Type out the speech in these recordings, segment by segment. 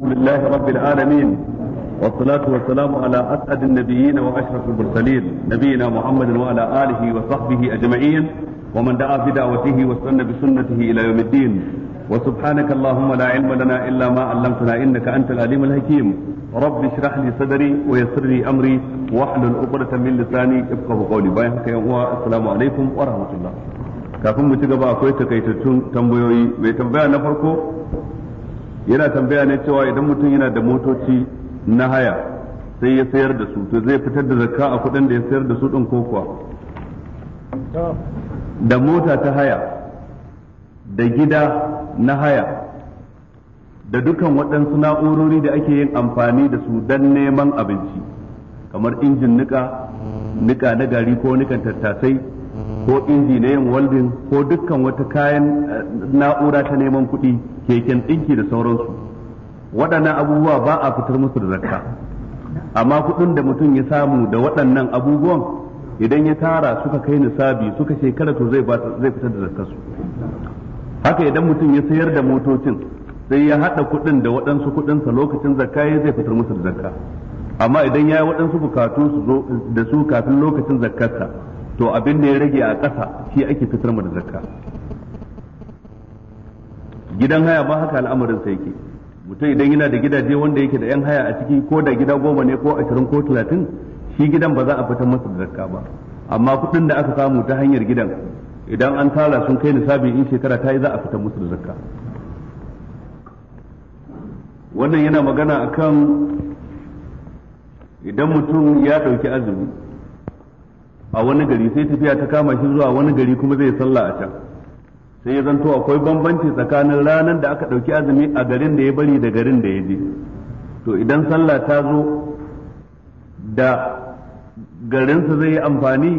لله رب العالمين والصلاة والسلام على أسعد النبيين وأشرف المرسلين نبينا محمد وعلى آله وصحبه أجمعين ومن دعا بدعوته واستنى بسنته إلى يوم الدين وسبحانك اللهم لا علم لنا إلا ما علمتنا إنك أنت العليم الحكيم رب اشرح لي صدري ويسر لي أمري واحلل عقدة من لساني يفقه قولي بايعك يا السلام عليكم ورحمة الله kafin mu ci gaba akwai takaitattun tambayoyi mai tambaya na farko yana tambaya ne cewa idan mutum yana da motoci na haya sai ya sayar da su to zai fitar da zakka a kuɗin da ya sayar da su ɗin ko da mota ta haya da gida na haya da dukan waɗansu na'urori da ake yin amfani da su don neman abinci kamar injin nika nika na gari ko nikan tattasai ko inji na yin welding ko dukkan wata kayan eh, na'ura ta neman kuɗi keken ɗinki da sauransu waɗannan abubuwa ba a fitar musu da zakka amma kuɗin da mutum ya samu da waɗannan abubuwan idan ya tara suka kai nisabi suka shekara to zai zai fitar da su haka idan mutum ya sayar da motocin sai ya haɗa kuɗin da waɗansu kuɗinsa lokacin zakka ya zai fitar musu da zakka amma idan ya yi waɗansu bukatu da su kafin lokacin zakkarsa to abin da ya rage a ƙasa shi ake fitar mu da zakka gidan haya ba haka al'amarin sa yake mutum idan yana da gidaje wanda yake da 'yan haya a ciki ko da gida goma ne ko ashirin ko talatin shi gidan ba za a fitar masa da zakka ba amma kuɗin da aka samu ta hanyar gidan idan an tara sun kai nisabi in shekara ta yi za a fitar musu da zakka wannan yana magana akan idan mutum ya ɗauki azumi a wani gari sai tafiya ta kama shi zuwa wani gari kuma zai sallah a can sai ya zanto akwai bambanci tsakanin ranar da aka ɗauki azumi a garin da ya bari da garin da ya je to idan sallah ta zo da garinsa zai yi amfani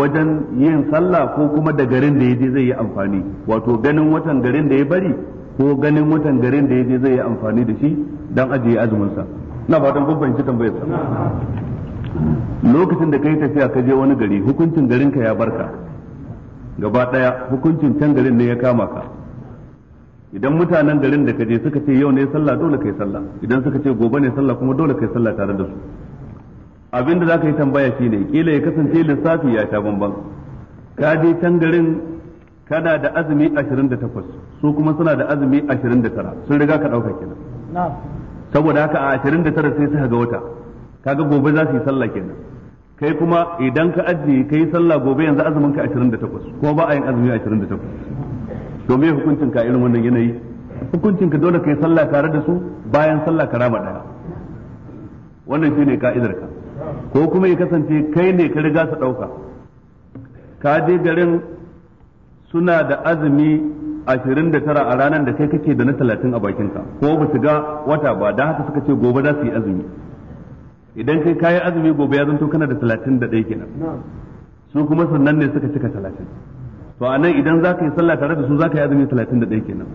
wajen yin sallah ko kuma da garin da ya je zai yi amfani wato ganin watan garin da ya bari ko ganin watan garin da ya je zai yi amfani da shi don ajiye azuminsa na fatan kun fahimci tambayar lokacin da kai tafiya ka je wani gari hukuncin garin ka ya barka gaba daya hukuncin can garin ne ya kama ka idan mutanen garin da ka je suka ce yau ne sallah dole kai sallah idan suka ce gobe ne sallah kuma dole kai sallah tare da su abinda za ka yi tambaya shi ne kila ya kasance lissafi ya sha bamban ka je can garin kana da azumi 28 su kuma suna da azumi 29 sun riga ka dauka kenan saboda haka a 29 sai suka ga wata kaga gobe za su yi sallah kenan kai kuma idan ka ajiye kai sallah gobe yanzu azumin ka 28 ko ba a yin azumi 28 to me hukuncin ka irin wannan yanayi hukuncin ka dole kai sallah tare da su bayan sallah ka rama daya wannan shine ka'idar ka ko kuma ya kasance kai ne ka riga su dauka ka je garin suna da azumi ashirin a ranar da kai kake da na talatin a bakinka ko ba su ga wata ba don haka suka ce gobe za su yi azumi idan kai kayi azumi gobe ya zanto kana da talatin da ɗaya kenan su kuma sannan ne suka cika talatin to a nan idan za ka yi sallah tare da su za ka yi azumi ɗaya kenan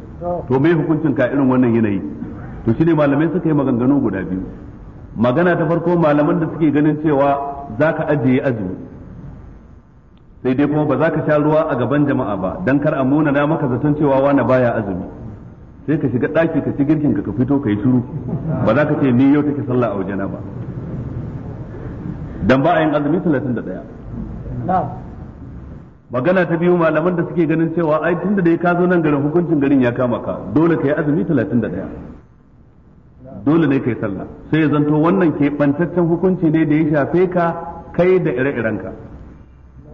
to me hukuncin ka irin wannan yanayi to shine malamai suka yi maganganu guda biyu magana ta farko malaman da suke ganin cewa za ka ajiye azumi sai dai kuma ba za ka sha ruwa a gaban jama'a ba dan kar a muna na maka zaton cewa wani baya azumi sai ka shiga ɗaki ka ci girkin ka fito ka yi shiru ba za ka ce ni yau take sallah a wajena ba dan ba a yin azumi 31 magana ta biyu malaman da suke ganin cewa ai tunda ya ka zo nan garin hukuncin garin ya kama ka dole ka yi azumi 31 dole ne kai sallah sai ya zanto wannan ke bantaccen hukunci ne da ya shafe ka kai da ire-irenka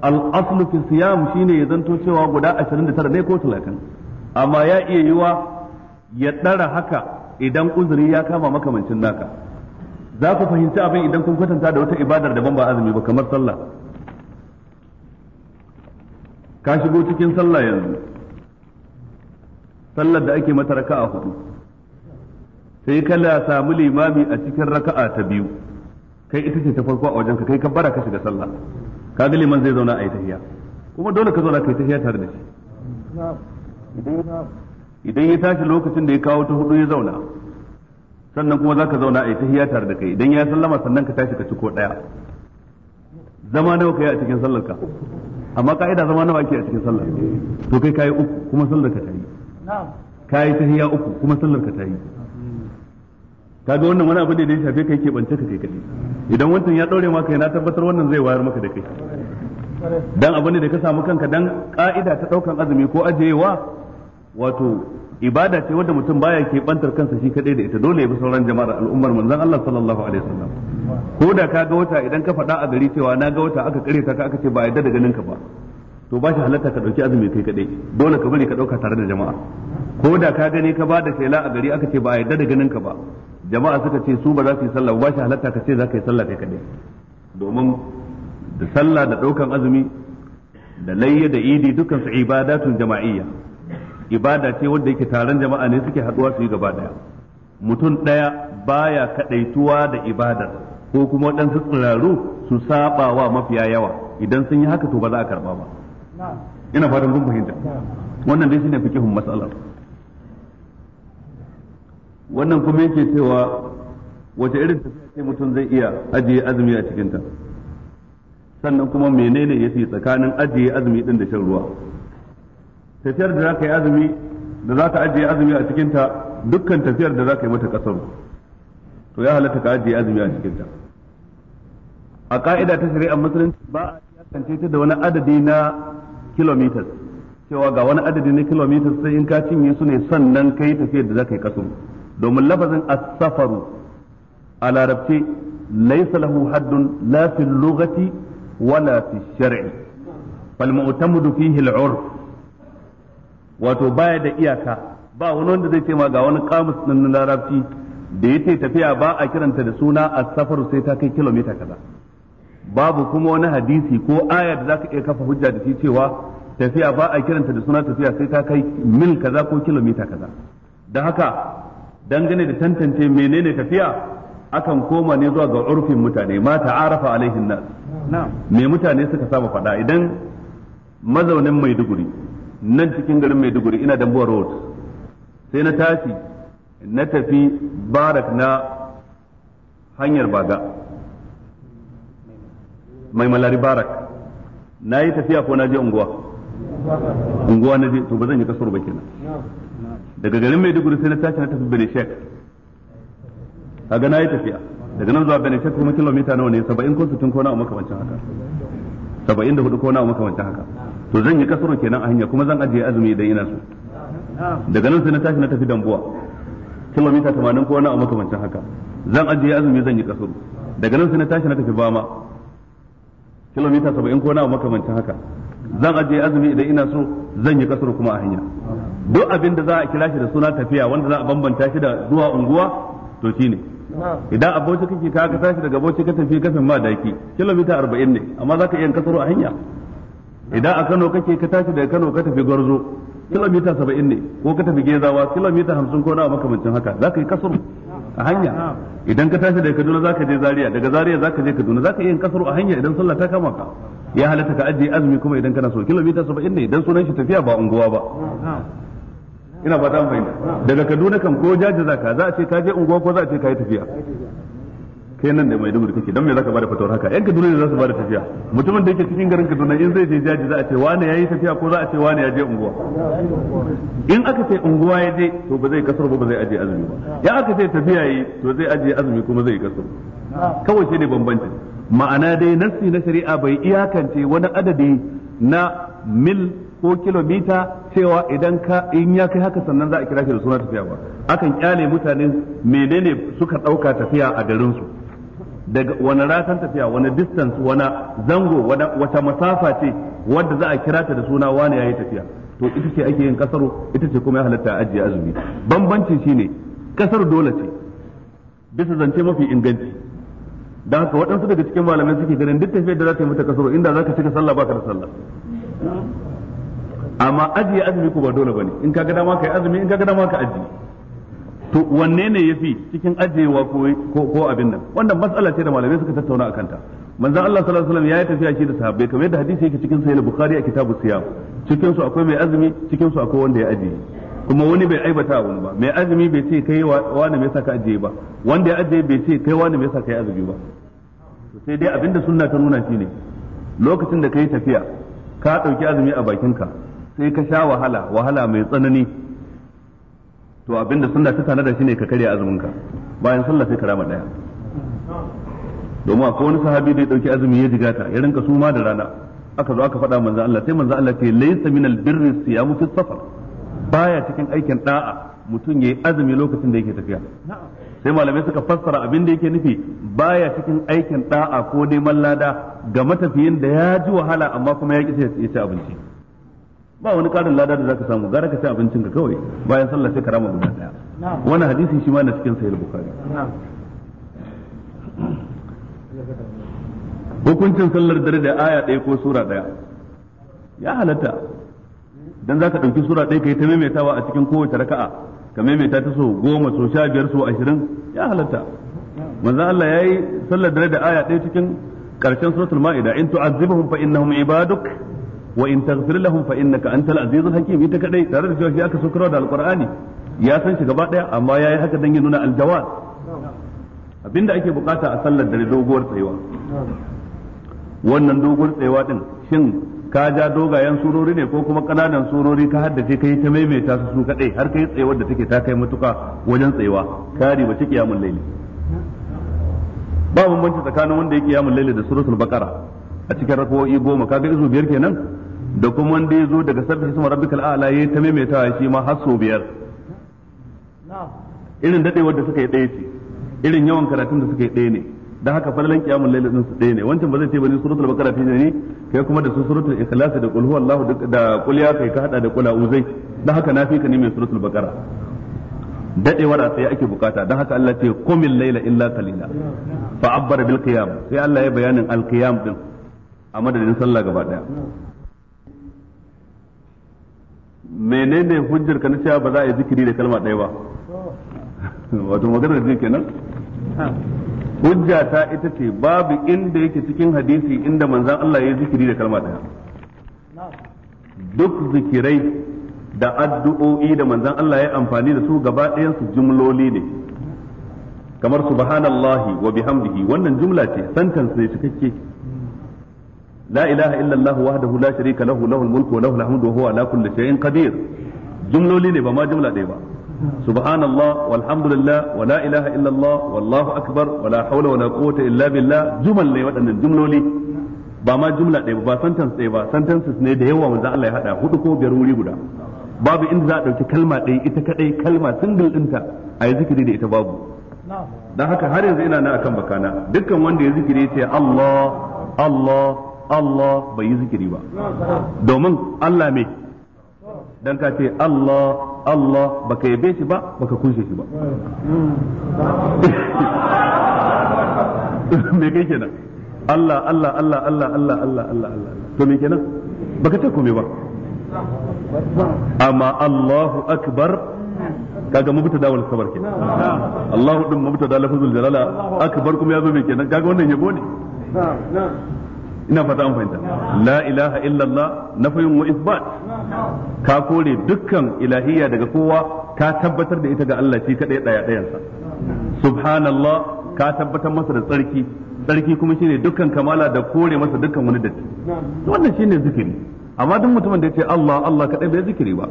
al-aslu fi siyam shine ya zanto cewa guda 29 ne ko 30 amma ya iya yiwa ya ɗara haka idan uzuri ya kama makamancin naka za ku fahimci abin idan kun kwatanta da wata ibadar daban ba azumi ba kamar sallah ka shigo cikin sallah yanzu sallar da ake mata raka'a hudu sai kala samu limami a cikin raka'a ta biyu kai ita ce ta farko a wajenka kai ka bara ka shiga sallah Ka ga liman zai zauna a yi tahiya kuma dole ka zauna kai tahiya tare da shi idan ya tashi lokacin da ya kawo ta hudu ya zauna sannan kuma zaka zauna a yi tahiyya tare da kai idan ya sallama sannan ka tashi ka ci ko daya zama nawa kai a cikin sallar ka amma ka'ida zama nawa ake a cikin sallar to kai yi uku kuma sallar ka tayi yi tahiyya uku kuma sallar ka tayi ga wannan wani abu ne da ya shafe kai ke bance ka kai kaɗai idan wancan ya daure maka na tabbatar wannan zai wayar maka da kai dan abu ne da ka samu kanka dan ka'ida ta daukan azumi ko ajewa wato ibada ce wanda mutum baya ke bantar kansa shi kadai da ita dole ya bi sauran jama'ar al'ummar manzon Allah sallallahu alaihi wasallam ko da ka ga wata idan ka faɗa a gari cewa na ga wata aka kare ta ka aka ce ba yadda da ganin ka ba to ba shi halatta ka dauki azumi kai kadai dole ka bari ka dauka tare da jama'a ko da ka gani ka bada shela a gari aka ce ba yadda da ganin ka ba jama'a suka ce su ba za su yi sallah ba shi halatta ka ce za ka yi sallah kai kadai domin da sallah da daukan azumi da layya da idi dukkan su ibadatun jama'iyya ibada ce wanda yake taron jama'a ne suke haɗuwa su yi gaba daya mutum ɗaya baya kaɗaituwa da ibadar ko kuma waɗansu tsiraru su saba wa mafiya yawa idan sun yi haka to ba za a karba ba ina fatan kun fahimta wannan dai shine fikihun mas'alar wannan kuma yake cewa wace irin tafiya ce mutum zai iya ajiye azumi a cikinta sannan kuma menene yake tsakanin ajiye azumi din da shan ruwa tafiyar da zaka yi azumi da za ka ajiye azumi a cikinta dukkan tafiyar da zaka yi mata kasaru to ya halatta ka ajiye azumi a cikin ta a ka'ida ta shari'ar musulunci ba a kance ta da wani adadi na kilometers cewa ga wani adadi na kilometers sai in ka cinye su ne sannan kai tafiyar da zaka yi kasaru domin lafazin as-safaru a larabce laysa lahu haddun la fil lughati wala fi shar'i fal mu'tamadu fihi al-'urf wato baya da iyaka ba wani wanda zai taimaka ga wani kamus ɗin na larabci da yace tafiya ba a kiranta da suna a safaru sai ta kai kilomita kaza babu kuma wani hadisi ko aya da za ka iya kafa hujja da shi cewa tafiya ba a kiranta da suna tafiya sai ta kai mil kaza ko kilomita kaza Da haka dangane da tantance menene tafiya akan koma ne zuwa ga urfin mutane ma arafa alaihin nas me mutane suka saba faɗa idan mazaunin maiduguri nan cikin garin Maiduguri ina Dambuwa Road sai na tashi na tafi barak na hanyar baga mai malari barak na yi tafiya ko na je unguwa unguwa na je to ba zan yi kasar ba kenan daga garin Maiduguri sai na tashi na tafi bene shek kaga na yi tafiya daga nan zuwa bene shek kuma kilomita nawa ne 70 ko 60 ko na umma kamancin haka 74 ko na umma kamancin haka to zan yi kasaro kenan a hanya kuma zan ajiye azumi idan ina so daga nan sai na tashi na tafi dambuwa kilomita tamanin ko wani a makamancin haka zan ajiye azumi zan yi kasaro daga nan sai na tashi na tafi bama kilomita saba'in ko wani a makamancin haka zan ajiye azumi idan ina so zan yi kasaro kuma a hanya duk abin da za a kira shi da suna tafiya wanda za a bambanta shi da zuwa unguwa to shine idan abokin kake ka ka tashi daga abokin ka tafi kafin ma daki kilomita 40 ne amma zaka iya kasaro a hanya idan a Kano kake ka tashi daga Kano ka tafi Gwarzo kilomita saba'in ne ko ka tafi Gezawa kilomita hamsin ko nawa makamancin haka za ka yi kasuru a hanya idan ka tashi daga Kaduna za ka je Zaria daga Zaria za ka je Kaduna za ka yi kasuru a hanya idan sallah ta kama ka ya halatta ka ajiye azumi kuma idan kana so kilomita saba'in ne idan sunan shi tafiya ba unguwa ba ina fata mu fahimta daga Kaduna kam ko jaji za ka za a ce ka je unguwa ko za a ce ka yi tafiya kai nan da mai dubur kake dan me zaka bada fatawar haka yan Kaduna ne za su bada tafiya mutumin da yake cikin garin Kaduna in zai je jaji za a ce wane yayi tafiya ko za a ce wane ya je unguwa in aka ce unguwa ya je to ba zai kasar ba ba zai aje azumi ba ya aka ce tafiya yi to zai aje azumi kuma zai kasar kawai shi ne bambanci ma'ana dai nassi na shari'a bai iyakance wani adadi na mil ko kilomita cewa idan ka in ya kai haka sannan za a kira shi da suna tafiya ba akan kyale mutane menene suka ɗauka tafiya a su daga wani ratan tafiya wani distance wani zango wata masafa ce wadda za a kira ta da suna wani yayi tafiya to ita ce ake yin kasaro ita ce kuma ya halatta ajiye azumi bambanci shine kasar dole ce bisa zance mafi inganci da haka waɗansu daga cikin malamai suke ganin duk tafiyar da za ta yi mata kasaro inda za ka cika sallah ba ka da sallah amma ajiye azumi ko ba dole bane in ka ga dama ka yi azumi in ka ga dama ka ajiye to wanne ne yafi cikin ajewa ko ko abin nan wannan matsala ce da malamai suka tattauna akan ta manzon Allah sallallahu alaihi wasallam yayi tafiya shi da sahabbai kamar yadda hadisi yake cikin sahih bukhari a kitabu siyam cikin su akwai mai azumi cikin su akwai wanda ya ajiye kuma wani bai aibata wani ba mai azumi bai ce kai wani me yasa ka ajiye ba wanda ya ajiye bai ce kai wani me yasa ka yi azumi ba sai dai abinda sunna ta nuna shine lokacin da kai tafiya ka dauki azumi a bakinka sai ka sha wahala wahala mai tsanani to abinda sunna ta tanada shine ka karya azumin ka bayan sallah sai ka rama daya domin akwai wani sahabi da ya dauki azumi ya jigata ya rinka suma da rana aka zo aka faɗa manzo Allah sai manzo Allah ce laysa minal birri siyamu fi safar baya cikin aikin da'a mutum yayi azumi lokacin da yake tafiya sai malamai suka fassara abin da yake nufi baya cikin aikin da'a ko neman lada ga matafiyin da ya ji wahala amma kuma ya ki ya ci abinci ba wani karin lada da zaka samu gara ka ci abincin ka kawai bayan sallah sai karama guda daya wannan hadisi shi ma na cikin sahih bukhari hukuncin sallar dare da aya ɗaya ko sura ɗaya ya halatta dan zaka ɗauki sura ɗaya kai ta maimaitawa a cikin kowace raka'a ka maimaita ta so goma so sha biyar so ashirin ya halatta manzo Allah yayi sallar dare da aya ɗaya cikin karshen suratul ma'ida in tu'azzibhum fa innahum ibaduk wa in taghfir lahum fa innaka antal azizul hakim ita kadai tare da cewa shi aka sukura da alqur'ani ya san shi gaba daya amma yayi haka dan ya nuna aljawad abinda ake bukata a sallar dare doguwar tsayuwa wannan doguwar tsayuwa din shin ka ja dogayen surori ne ko kuma kananan surori ka haddace kai ta maimaita su su kadai har kai tsayuwar da take ta kai mutuka wajen tsayuwa kari ba ciki mun laili ba bambanci tsakanin wanda yake mun laili da suratul baqara a cikin rakawoyi goma kaga izu biyar kenan da kuma wanda ya zo daga sarki sama rabbi a'la ya ta maimaitawa shi ma har sau biyar irin dadewar da suka yi ɗaya ce irin yawan karatun da suka yi ɗaya ne dan haka falalan qiyamul layl din su ɗaya ne wancan ba zai ce bane suratul baqara ta ne kai kuma da su suratul ikhlas da qul huwallahu da qul ya kai ka hada da qul auzai dan haka nafi ka ne mai suratul baqara dadewar a tsaye ake bukata don haka Allah ce kumil laila illa kalila fa abbara bil qiyam sai Allah ya bayanin al qiyam din a madadin sallah gaba daya menene hujjar ka na cewa ba za a yi zikiri da kalma ɗaya ba wato maganar da kenan hujja ta ita ce babu inda yake cikin hadisi inda manzan Allah ya zikiri da kalma ɗaya duk zikirai da addu'o'i da manzan Allah ya yi amfani da su gaba ɗayan su jumloli ne kamar subhanallahi wa bihamdihi wannan jumla ce sentence ne cikakke la ilaha illallah wahdahu la sharika lahu lahul mulku wa lahul hamdu wa huwa ala kulli shay'in jumloli ne ba ma jumla ɗaya ba subhanallah walhamdulillah wa la ilaha illallah wallahu akbar wa la hawla wa illa billah jumal ne waɗannan jumloli ba ma jumla ɗaya ba sentence ɗaya ba sentences ne da yawa manzo Allah ya hada hudu ko biyar wuri guda babu inda za a ɗauki kalma ɗaya ita kaɗai kalma singil dinta a zikiri da ita babu don haka har yanzu ina nan akan bakana dukkan wanda ya zikiri ce Allah Allah Allah bai yi zikiri ba domin Allah me dan ka ce Allah Allah baka yabe shi ba baka kunshe shi ba me kai kenan Allah Allah Allah Allah Allah Allah Allah Allah to me kenan baka ce komai ba amma Allahu akbar kaga mubtada wal sabar kenan Allahu din mubtada lafzul jalala akbar kuma yazo me kenan kaga wannan yabo ne ina fata an fahimta la ilaha illallah nafyun wa isbat ka kore dukkan ilahiyya daga kowa ka tabbatar da ita ga Allah shi kadai daya sa. subhanallah ka tabbatar masa da tsarki tsarki kuma shine dukkan kamala da kore masa dukkan wani datti wannan shine zikiri amma duk mutumin da yace Allah Allah kadai bai zikiri ba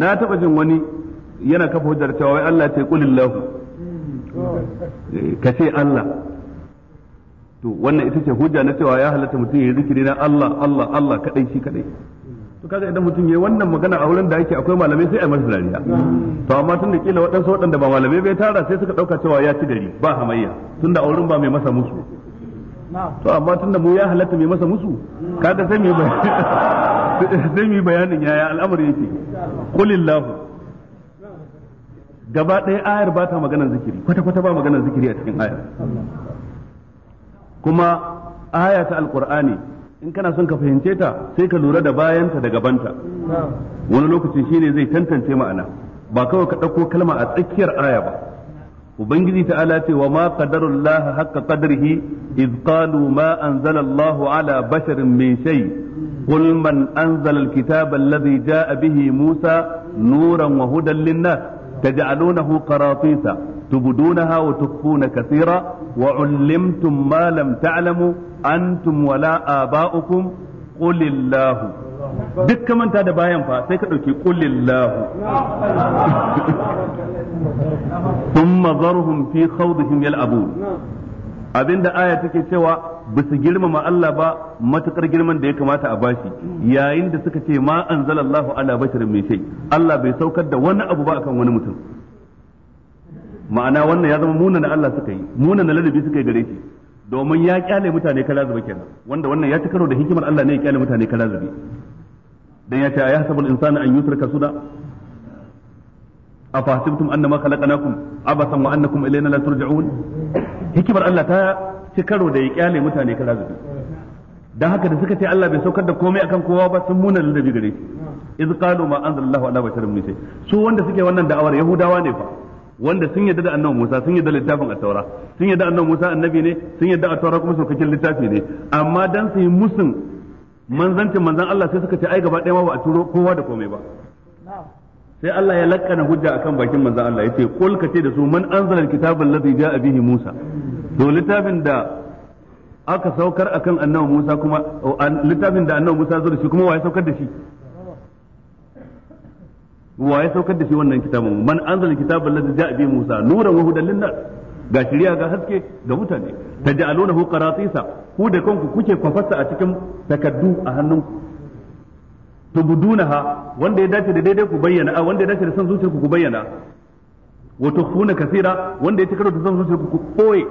na taba jin wani yana kafa hujjar cewa wai Allah ya ce kulillahu, eh, ka ce Allah to wannan ita ce hujja na cewa ya halatta mutum ya yi zikiri na Allah Allah Allah kadai shi kadai to kaga idan mutum yayi wannan magana a wurin da yake akwai malamai sai a masa dariya to amma tunda kila waɗansu waɗanda ba malamai bai tara sai suka ɗauka cewa ya ci gari ba hamayya tunda a wurin ba mai masa musu to amma tunda mu ya halatta mai masa musu kaga sai mai sai mai bayanin yaya al'amari yake qulillahu gaba ɗaya ayar ba ta maganar zikiri kwata kwata ba maganar zikiri a cikin ayar kuma aya ta alkur'ani in kana son ka fahimce ta sai ka lura da bayanta da gabanta wani lokaci shine zai tantance ma'ana ba kawai ka ɗauko kalma a tsakiyar aya ba ubangiji ta'ala ce wa ma qadarullahi haqqa qadrihi iz qalu ma anzala Allahu ala basharin min shay qul man anzala alkitaba alladhi jaa bihi Musa nuran wa hudan lin-nas taj'alunahu qaratisa tubdunaha wa tukhfuna katsira wa malam ta lam ta'lamu antum wala aba'ukum qulillahu duk ka manta da bayan fa sai ka dauki qulillahu thumma zarhum fi khawdihim yal'abun abinda aya take cewa basu girmama Allah ba matukar girman da ya kamata a bashi yayin da suka ce ma anzalallahu ala basharin min shay Allah bai saukar da wani abu ba akan wani mutum ma'ana wannan ya zama munan Allah suka yi munan ladabi suka yi gare shi domin ya kyale mutane kala zuba kenan wanda wannan ya ci karo da hikimar Allah ne ya kyale mutane kala zubi dan ya ce ayahsabul insana an yusraka suda afahsibtum annama khalaqnakum abasan wa annakum ilayna la turja'un hikimar Allah ta ci karo da ya kyale mutane kala zubi dan haka da suka ce Allah bai saukar da komai akan kowa ba sun muna ladabi gare shi iz qalu ma anzalallahu ala basharin min shay su wanda suke wannan da'awar yahudawa ne fa wanda sun yadda da annabi Musa sun yadda littafin at-taura sun yadda annabi Musa annabi ne sun yadda at-taura kuma sokakin littafi ne amma dan su yi musun manzancin manzan Allah sai suka ce ai gaba ɗaya ma ba a turo kowa da komai ba sai Allah ya lakkana hujja akan bakin manzan Allah yace qul ka ce da su man anzala al-kitaba alladhi ja'a bihi Musa to littafin da aka saukar akan annabi Musa kuma littafin da annabi Musa zo da shi kuma wa ya saukar da shi wa ya saukar da shi wannan kitabun man anzala kitabal ladzi ja'a bi Musa nuran wa hudan linnas ga shiriya ga haske ga mutane taj'alunahu qaratisa ku da kanku kuke kwafasta a cikin takaddu a hannunku tubudunaha wanda ya dace da daidai ku bayyana a wanda ya dace da son zuciyarku ku bayyana wato tukhfuna kasira, wanda ya tikaro da son zuciyarku ku koye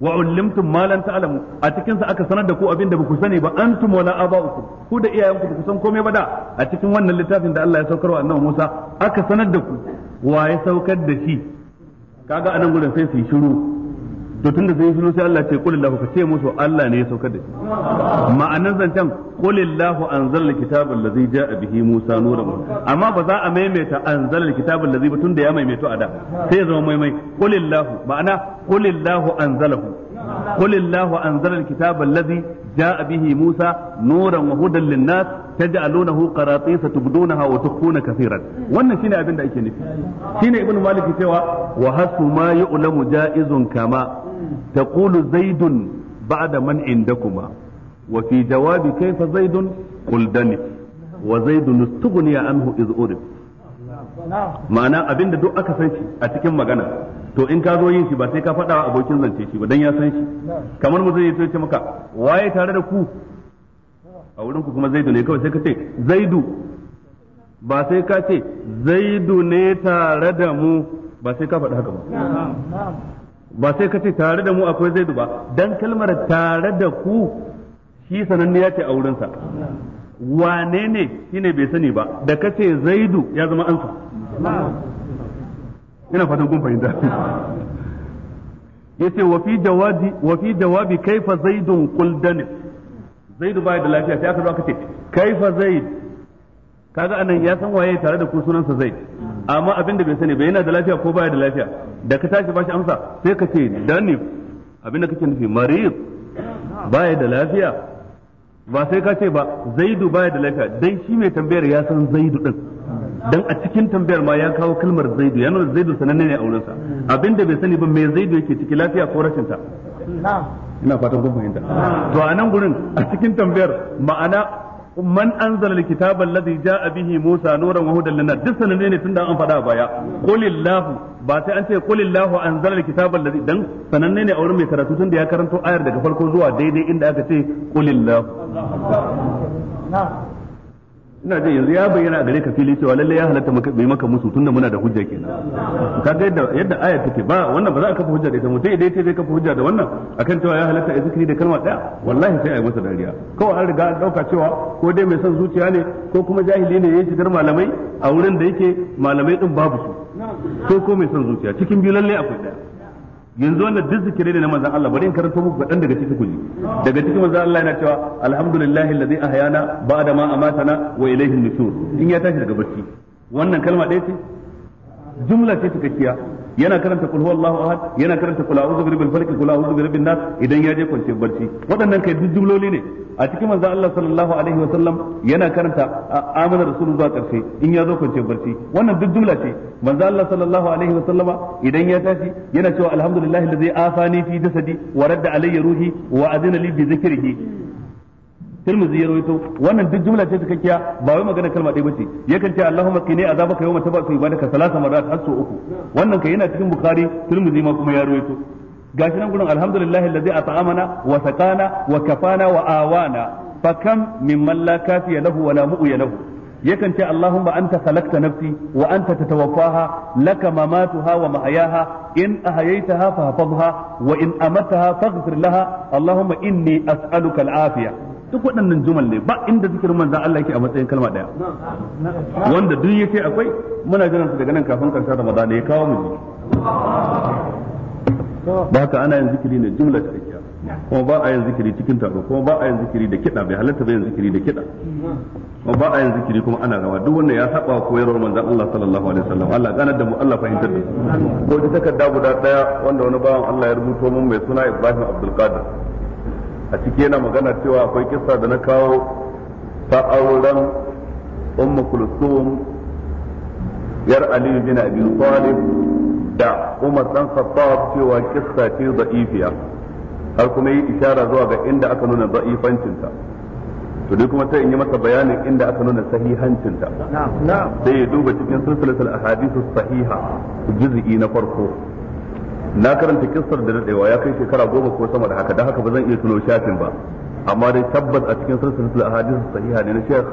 wa ulimtum ma lan ta'lamu a cikin sa aka sanar da ku abin da ku sani ba antum wala aba'ukum ku da iyayenku ba ku san komai ba da a cikin wannan littafin da Allah ya saukar wa annabi Musa aka sanar da ku wa ya saukar da shi kaga anan gurin sai su yi shiru to da zai suno sai Allah ce qulillahu ka ce musu Allah ne ya saukar da shi ma'anar zancen qulillahu anzalal kitaba allazi ja'a bihi Musa nuran amma ba za a maimaita anzalal kitaba allazi ba tun da ya maimaito a da sai ya zama maimai qulillahu ma'ana qulillahu anzalahu qulillahu anzalal kitaba allazi ja'a bihi Musa nuran wa hudan lin-nas taj'alunahu qaratisa tubdunaha wa tukhuna kathiran wannan shine abin da ake nufi shine ibnu malik cewa wa hasu ma yu'lamu ja'izun kama تقول زيد بعد man عندكما وفي جواب jawabi زيد قل دني وزيد wa عنه istughniya anhu iz urib ma'ana abinda duk aka san shi a cikin magana to in ka zo yin shi ba sai ka faɗa wa abokin zance shi ba dan ya san shi kamar mutum ya ce maka waye tare da ku a wurin ku kuma zaidu ne kawai sai ka ce zaidu ba sai ka ce zaidu ne tare da mu ba sai ka faɗi haka ba ba sai ka ce tare da mu akwai zai ba dan kalmar tare da ku shi sananne ya ce a wurinsa wane ne shine bai sani ba da ka ce zaidu ya zama ansa ina fatan kun fahimta yace wa fi jawabi wa fi jawabi kaifa zaidun qul danis zaidu bai da lafiya sai aka zo aka ce kaifa zaid kaga anan ya san waye tare da ku sunansa zaid amma abin da bai sani ba yana da lafiya ko baya da lafiya da ka tashi bashi amsa sai ka ce danif abin da kake nufi marid baya da lafiya ba sai ka ce ba zaidu baya da lafiya dan shi mai tambayar ya san zaidu din dan a cikin tambayar ma ya kawo kalmar zaidu ya nuna zaidu sananne ne a wurin sa abin da bai sani ba mai zaidu yake ciki lafiya ko rashin ta ina fatan kun fahimta to a nan gurin a cikin tambayar ma'ana man anzala alkitaba alladhi jaa bihi musa nuran wa hudan linnas duk sananne ne tunda an faɗa baya qulillahu ba sai an ce qulillahu anzala alkitaba alladhi dan sananne ne a wurin mai karatu tunda ya karanto ayar daga farko zuwa daidai inda aka ce qulillahu ina jin yanzu ya bayyana a gare ka fili cewa lalle ya halatta bai maka musu tunda muna da hujja kenan kaga yadda yadda aya take ba wannan ba za a kafa hujja da ita mutai idan sai zai kafa hujja da wannan akan cewa ya halatta a zikiri da kalma daya wallahi sai a masa dariya kawai an riga an dauka cewa ko dai mai son zuciya ne ko kuma jahili ne ya shigar malamai a wurin da yake malamai din babu su ko ko mai son zuciya cikin biyu lalle akwai daya yanzu wannan duk zikire ne na manzon Allah bari in karanto muku kadan daga cikin kuji daga cikin manzon Allah yana cewa alhamdulillahi alladhi ahyana ba'da ma amatana wa ilayhi nusur in ya tashi daga barci wannan kalma ɗaya ce jumla ce cikakkiya yana karanta kul huwallahu ahad yana karanta kul a'udhu birabbil falaq kul a'udhu birabbin nas idan ya je kwanciyar barci waɗannan kai duk jumloli ne a cikin manzo Allah sallallahu alaihi wa sallam yana karanta amana rasulun zuwa karshe in ya zo kwance barci wannan duk jumla ce manzo Allah sallallahu alaihi wa sallama idan ya tashi yana cewa alhamdulillahi allazi afani fi jasadi wa radda alayya ruhi wa adina li bi dhikrihi tirmidhi ya rawaito wannan duk jumla ce cikakkiya ba wai magana kalma ɗaya bace yakan ce Allahumma qini azabaka yawma tabasu ibadaka salasa marat har sau uku wannan kai yana cikin bukhari tirmidhi ma kuma ya rawaito gashi nan gurin alhamdulillahi allazi at'amana wa saqana wa kafana wa awana fakam mimman la kafiya lahu wa la mu'ya lahu yakan ce Allahumma anta khalaqta nafsi wa anta tatawaffaha laka mamatuha wa mahayaha in ahyaytaha fahfazha wa in amataha faghfir laha Allahumma inni as'aluka al-afiya duk waɗannan jumal ne ba inda zikirin manzan Allah yake a matsayin kalma ɗaya wanda duk yake akwai muna jiran su daga nan kafin karshen Ramadan ya kawo mu ba ka ana yin zikiri ne jumla ta tsakiya kuma ba a yin zikiri cikin taro kuma ba a yin zikiri da kiɗa bai halatta bai yin zikiri da kiɗa kuma ba a yin zikiri kuma ana rawa duk wanda ya saba koyarwar manzan Allah sallallahu alaihi wasallam Allah ganar da mu Allah fahimtar da mu ko ta takarda guda daya wanda wani bawan Allah ya rubuto mun mai suna Ibrahim Abdul Qadir a ciki yana magana cewa akwai kisa da na kawo ta auren umma kulsum yar aliyu bin abi talib da umar dan khattab cewa kisa ce da'ifiya har kuma yi ishara zuwa ga inda aka nuna da'ifancinta to dai kuma sai in yi masa bayanin inda aka nuna sahihancinta sai ya duba cikin silsilatul ahadithu sahiha juz'i na farko na karanta kissar da dadewa ya kai shekara goma ko sama da haka don haka ba zan iya tuno shafin ba amma dai tabbas a cikin silsilatul ahadith sahiha ne na Sheikh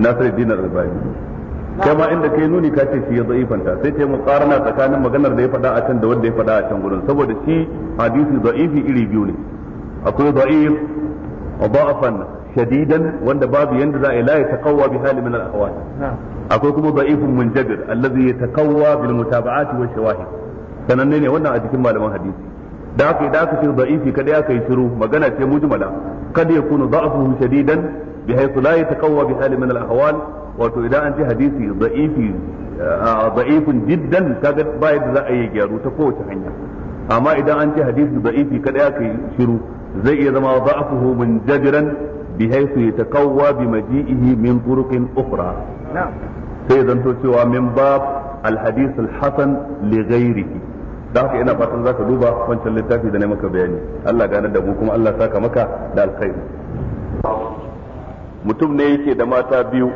Nasiruddin Al-Albani kai ma inda kai nuni ka ce shi ya sai kai karana tsakanin maganar da ya faɗa a can da wanda ya faɗa a can gurin saboda shi hadisi da'ifi iri biyu ne akwai da'if da'afan shadidan wanda babu yanda za a yi la ya taqawwa bi hali min al-ahwal akwai kuma da'ifun munjabir allazi yataqawwa bil mutaba'ati wa shawahid sananne ne wannan a cikin malaman hadisi da aka yi da aka ce da'ifi kada ya kai shiru magana ce mujmala kada ya kunu da'afuhu shadidan bi haythu la yataqawwa bi hali min al ahwal wato idan an ce hadisi da'ifi da'ifun jiddan kaga ba yadda za a yi gyaru ta kowace hanya amma idan an ci hadisi da'ifi kada ya kai shiru zai iya zama da'afuhu munjadiran bi haythu yataqawwa bi maji'ihi min turuqin ukhra sai zanto cewa min bab al hadith al don haka ina fatan zaka duba wancan littafi da na maka bayani Allah gane da mu kuma Allah saka maka da alkhairi mutum ne yake da mata biyu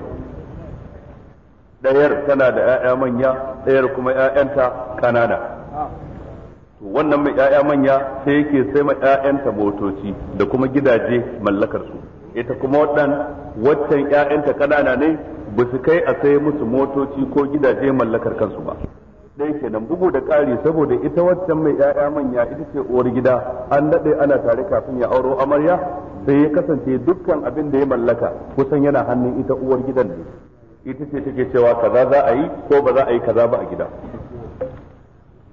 ɗayar tana da 'ya'ya manya ɗayar kuma 'ya'yanta kanana wannan mai 'ya'ya manya sai yake sai ma 'ya'yanta motoci da kuma gidaje mallakar su ita kuma waɗan waccan 'ya'yanta kanana ne ba su kai a sai musu motoci ko gidaje mallakar kansu ba ɗaya kenan bugu da ƙari saboda ita waccan mai ƴaƴa manya ita ce uwar gida an daɗe ana tare kafin ya auro amarya sai ya kasance dukkan abin da ya mallaka kusan yana hannun ita uwar gidan ne ita ce take cewa kaza za a yi ko ba za a yi kaza ba a gida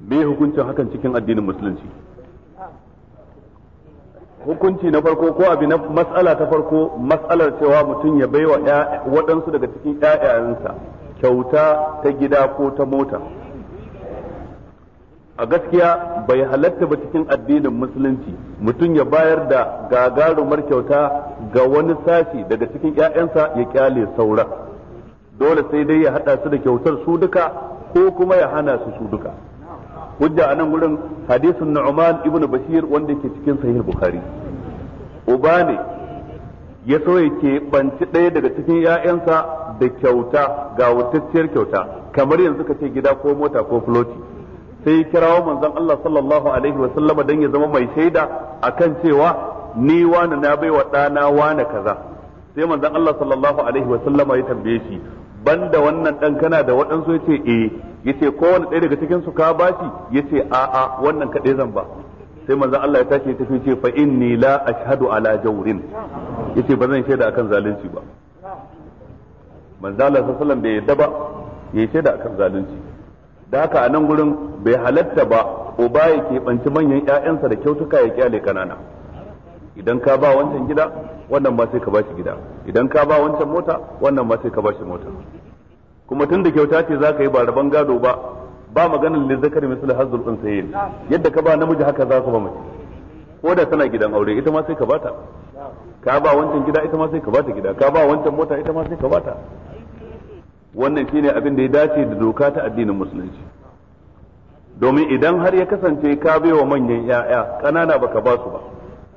me hukuncin hakan cikin addinin musulunci hukunci na farko ko abi na mas'ala ta farko mas'alar cewa mutum ya baiwa waɗansu daga cikin ƴaƴayensa kyauta ta gida ko ta mota a gaskiya bai halatta ba cikin addinin musulunci mutum ya bayar da gagarumar kyauta ga wani sashi daga cikin 'ya'yansa ya kyale saura dole sai dai ya haɗa su da kyautar su duka ko kuma ya hana su su duka hujja a nan wurin hadisin Na'uman Ibn bashir wanda ke cikin sahih bukhari uba ne ya so ya ke banci ɗaya daga cikin 'ya'yansa da kyauta ga wutacciyar kyauta kamar yanzu ka ce gida ko mota ko floti sai ya kirawo manzon Allah sallallahu alaihi wa sallama dan ya zama mai shaida akan cewa ni wani na baiwa ɗana wani kaza sai manzon Allah sallallahu alaihi wa sallama ya tambaye shi banda wannan dan kana da waɗansu ya ce eh yace kowane ɗaya daga cikin su ka bashi yace a'a wannan kaɗai zan ba sai manzon Allah ya tashi ya tafi ce fa inni la ashhadu ala jawrin yace ba zan shaida akan zalunci ba manzon Allah sallallahu alaihi wa sallam bai yadda ba yayi shaida akan zalunci da haka a nan gurin bai halatta ba uba ya keɓanci manyan 'ya'yansa da kyautuka ya kyale kanana idan ka ba wancan gida wannan ba sai ka bashi gida idan ka ba wancan mota wannan ba sai ka bashi mota kuma tun da kyauta ce za ka yi ba rabon gado ba ba maganin lizzakar misal hazzul unsayin yadda ka ba namiji haka za ka ba mace ko da tana gidan aure ita ma sai ka bata ka ba wancan gida ita ma sai ka bata gida ka ba wancan mota ita ma sai ka bata wannan shine abin da ya dace da doka ta addinin musulunci domin idan har ya kasance ka baiwa manyan ya'ya ƙanana baka ba su ba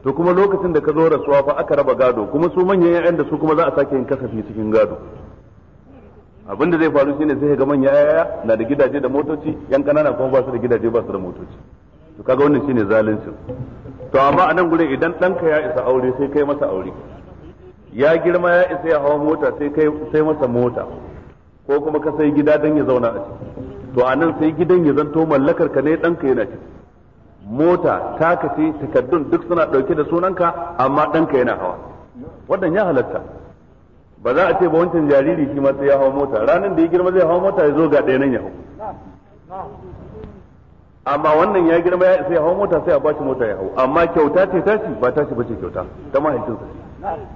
to kuma lokacin da ka zo rasuwa fa aka raba gado kuma su manyan ya'yan da su kuma za a sake yin kasafi cikin gado abin da zai faru shine sai ga manyan ya'ya na da gidaje da motoci yan ƙanana kuma ba su da gidaje ba su da motoci to kaga wannan shine zalunci to amma a nan gurin idan ɗanka ya isa aure sai kai masa aure ya girma ya isa ya hawa mota sai kai sai masa mota ko kuma ka sai gida dan ya zauna a ciki to a nan sai gidan ya zanto mallakar ka ne ɗanka yana ciki mota taka takaddun duk suna ɗauke da sunanka amma ɗanka yana hawa wannan ya halatta ba za a ce ba wancan jariri shi ma sai ya hawa mota ranar da ya girma zai hawa mota ya zo ga ɗaya nan ya hau amma wannan ya girma sai ya hawa mota sai a bashi mota ya hau amma kyauta ce tashi ba tashi bace kyauta ta mahaifinsa ce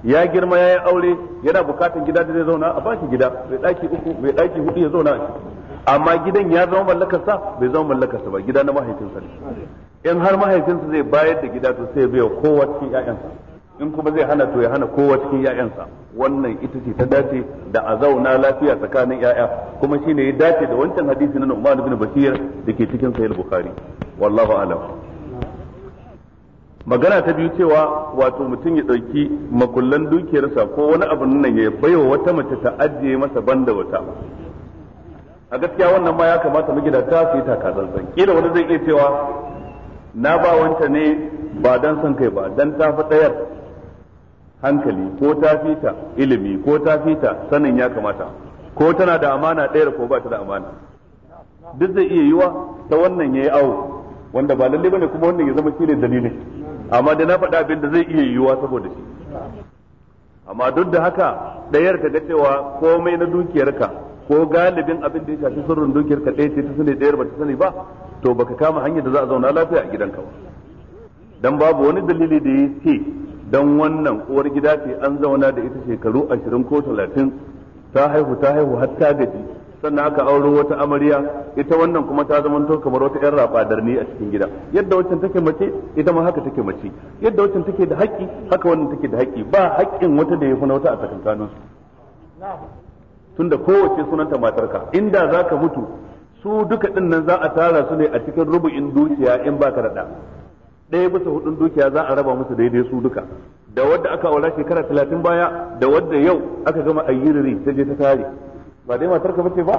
ya girma ya yi aure yana bukatan gida da zai zauna a bashi gida mai daki uku mai daki hudu ya zauna amma gidan ya zama mallakarsa bai zama mallakarsa ba gida na mahaifinsa ne in har mahaifinsa zai bayar da gida to sai bai kowa cikin ƴaƴansa in kuma zai hana to ya hana kowa cikin ƴaƴansa wannan ita ce ta dace da a zauna lafiya tsakanin 'ya'ya kuma shine ya dace da wancan hadisi na Nu'man ibn Bashir ke cikin Sahih Bukhari wallahu a'lam magana ta biyu cewa wato mutum ya ɗauki makullan dukiyarsa ko wani abu nan ya baiwa wata mace ta ajiye masa banda wata a gaskiya wannan ma ya kamata magidanta su yi takatsantsan kila wani zai iya cewa na ba wanta ne ba dan son kai ba dan ta fi ɗayar hankali ko ta fita ilimi ko ta fita sanin ya kamata ko tana da amana ɗayar ko ba ta da amana duk zai iya yiwa ta wannan ya yi awo wanda ba lalle bane kuma wannan ya zama shi ne dalilin amma da na faɗa abin da zai iya yiwuwa saboda shi amma duk da haka ɗayar ka ga cewa komai na dukiyarka ko galibin abin da ya shafi sirrin dukiyarka ɗaya ce ta sani ɗayar ba ta sani ba to baka kama hanyar da za a zauna lafiya a gidanka ba dan babu wani dalili da ya ce dan wannan uwar gida ce an zauna da ita shekaru ashirin ko talatin ta haihu ta haihu har ta gaji sannan aka auro wata amarya ita wannan kuma ta zama to kamar wata yan rafadarni a cikin gida yadda waccan take mace ita ma haka take mace yadda waccan take da haƙƙi haka wannan take da haƙƙi ba haƙƙin wata da yafi na wata a tsakankanin su tunda kowace sunanta matarka inda zaka mutu su duka din za a tara su ne a cikin rubu'in dukiya in baka da da ɗaya bisa hudun dukiya za a raba musu daidai su duka da wadda aka aura shekara talatin baya da wadda yau aka gama ayyiriri ta je ta tare ba dai matar ka bace ba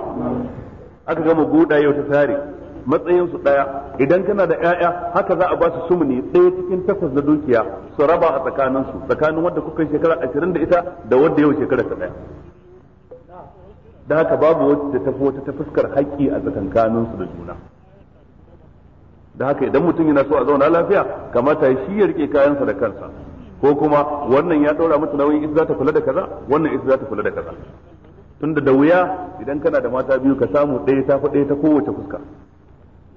aka gama guda yau ta tare matsayin su daya idan kana da yaya haka za a ba su sumuni ɗaya cikin takwas na dukiya su raba a tsakanin su tsakanin wanda kuka shekara ashirin da ita da wanda yau shekara ta daya da haka babu wata ta wata ta fuskar haƙƙi a tsakankanin su da juna da haka idan mutum yana so a zauna lafiya kamata shi ya rike kayan sa da kansa ko kuma wannan ya ɗora mata nauyin ita za ta kula da kaza wannan ita za ta kula da kaza tunda da wuya idan kana da mata biyu ka samu ɗaya ta fi ɗaya ta kowace fuska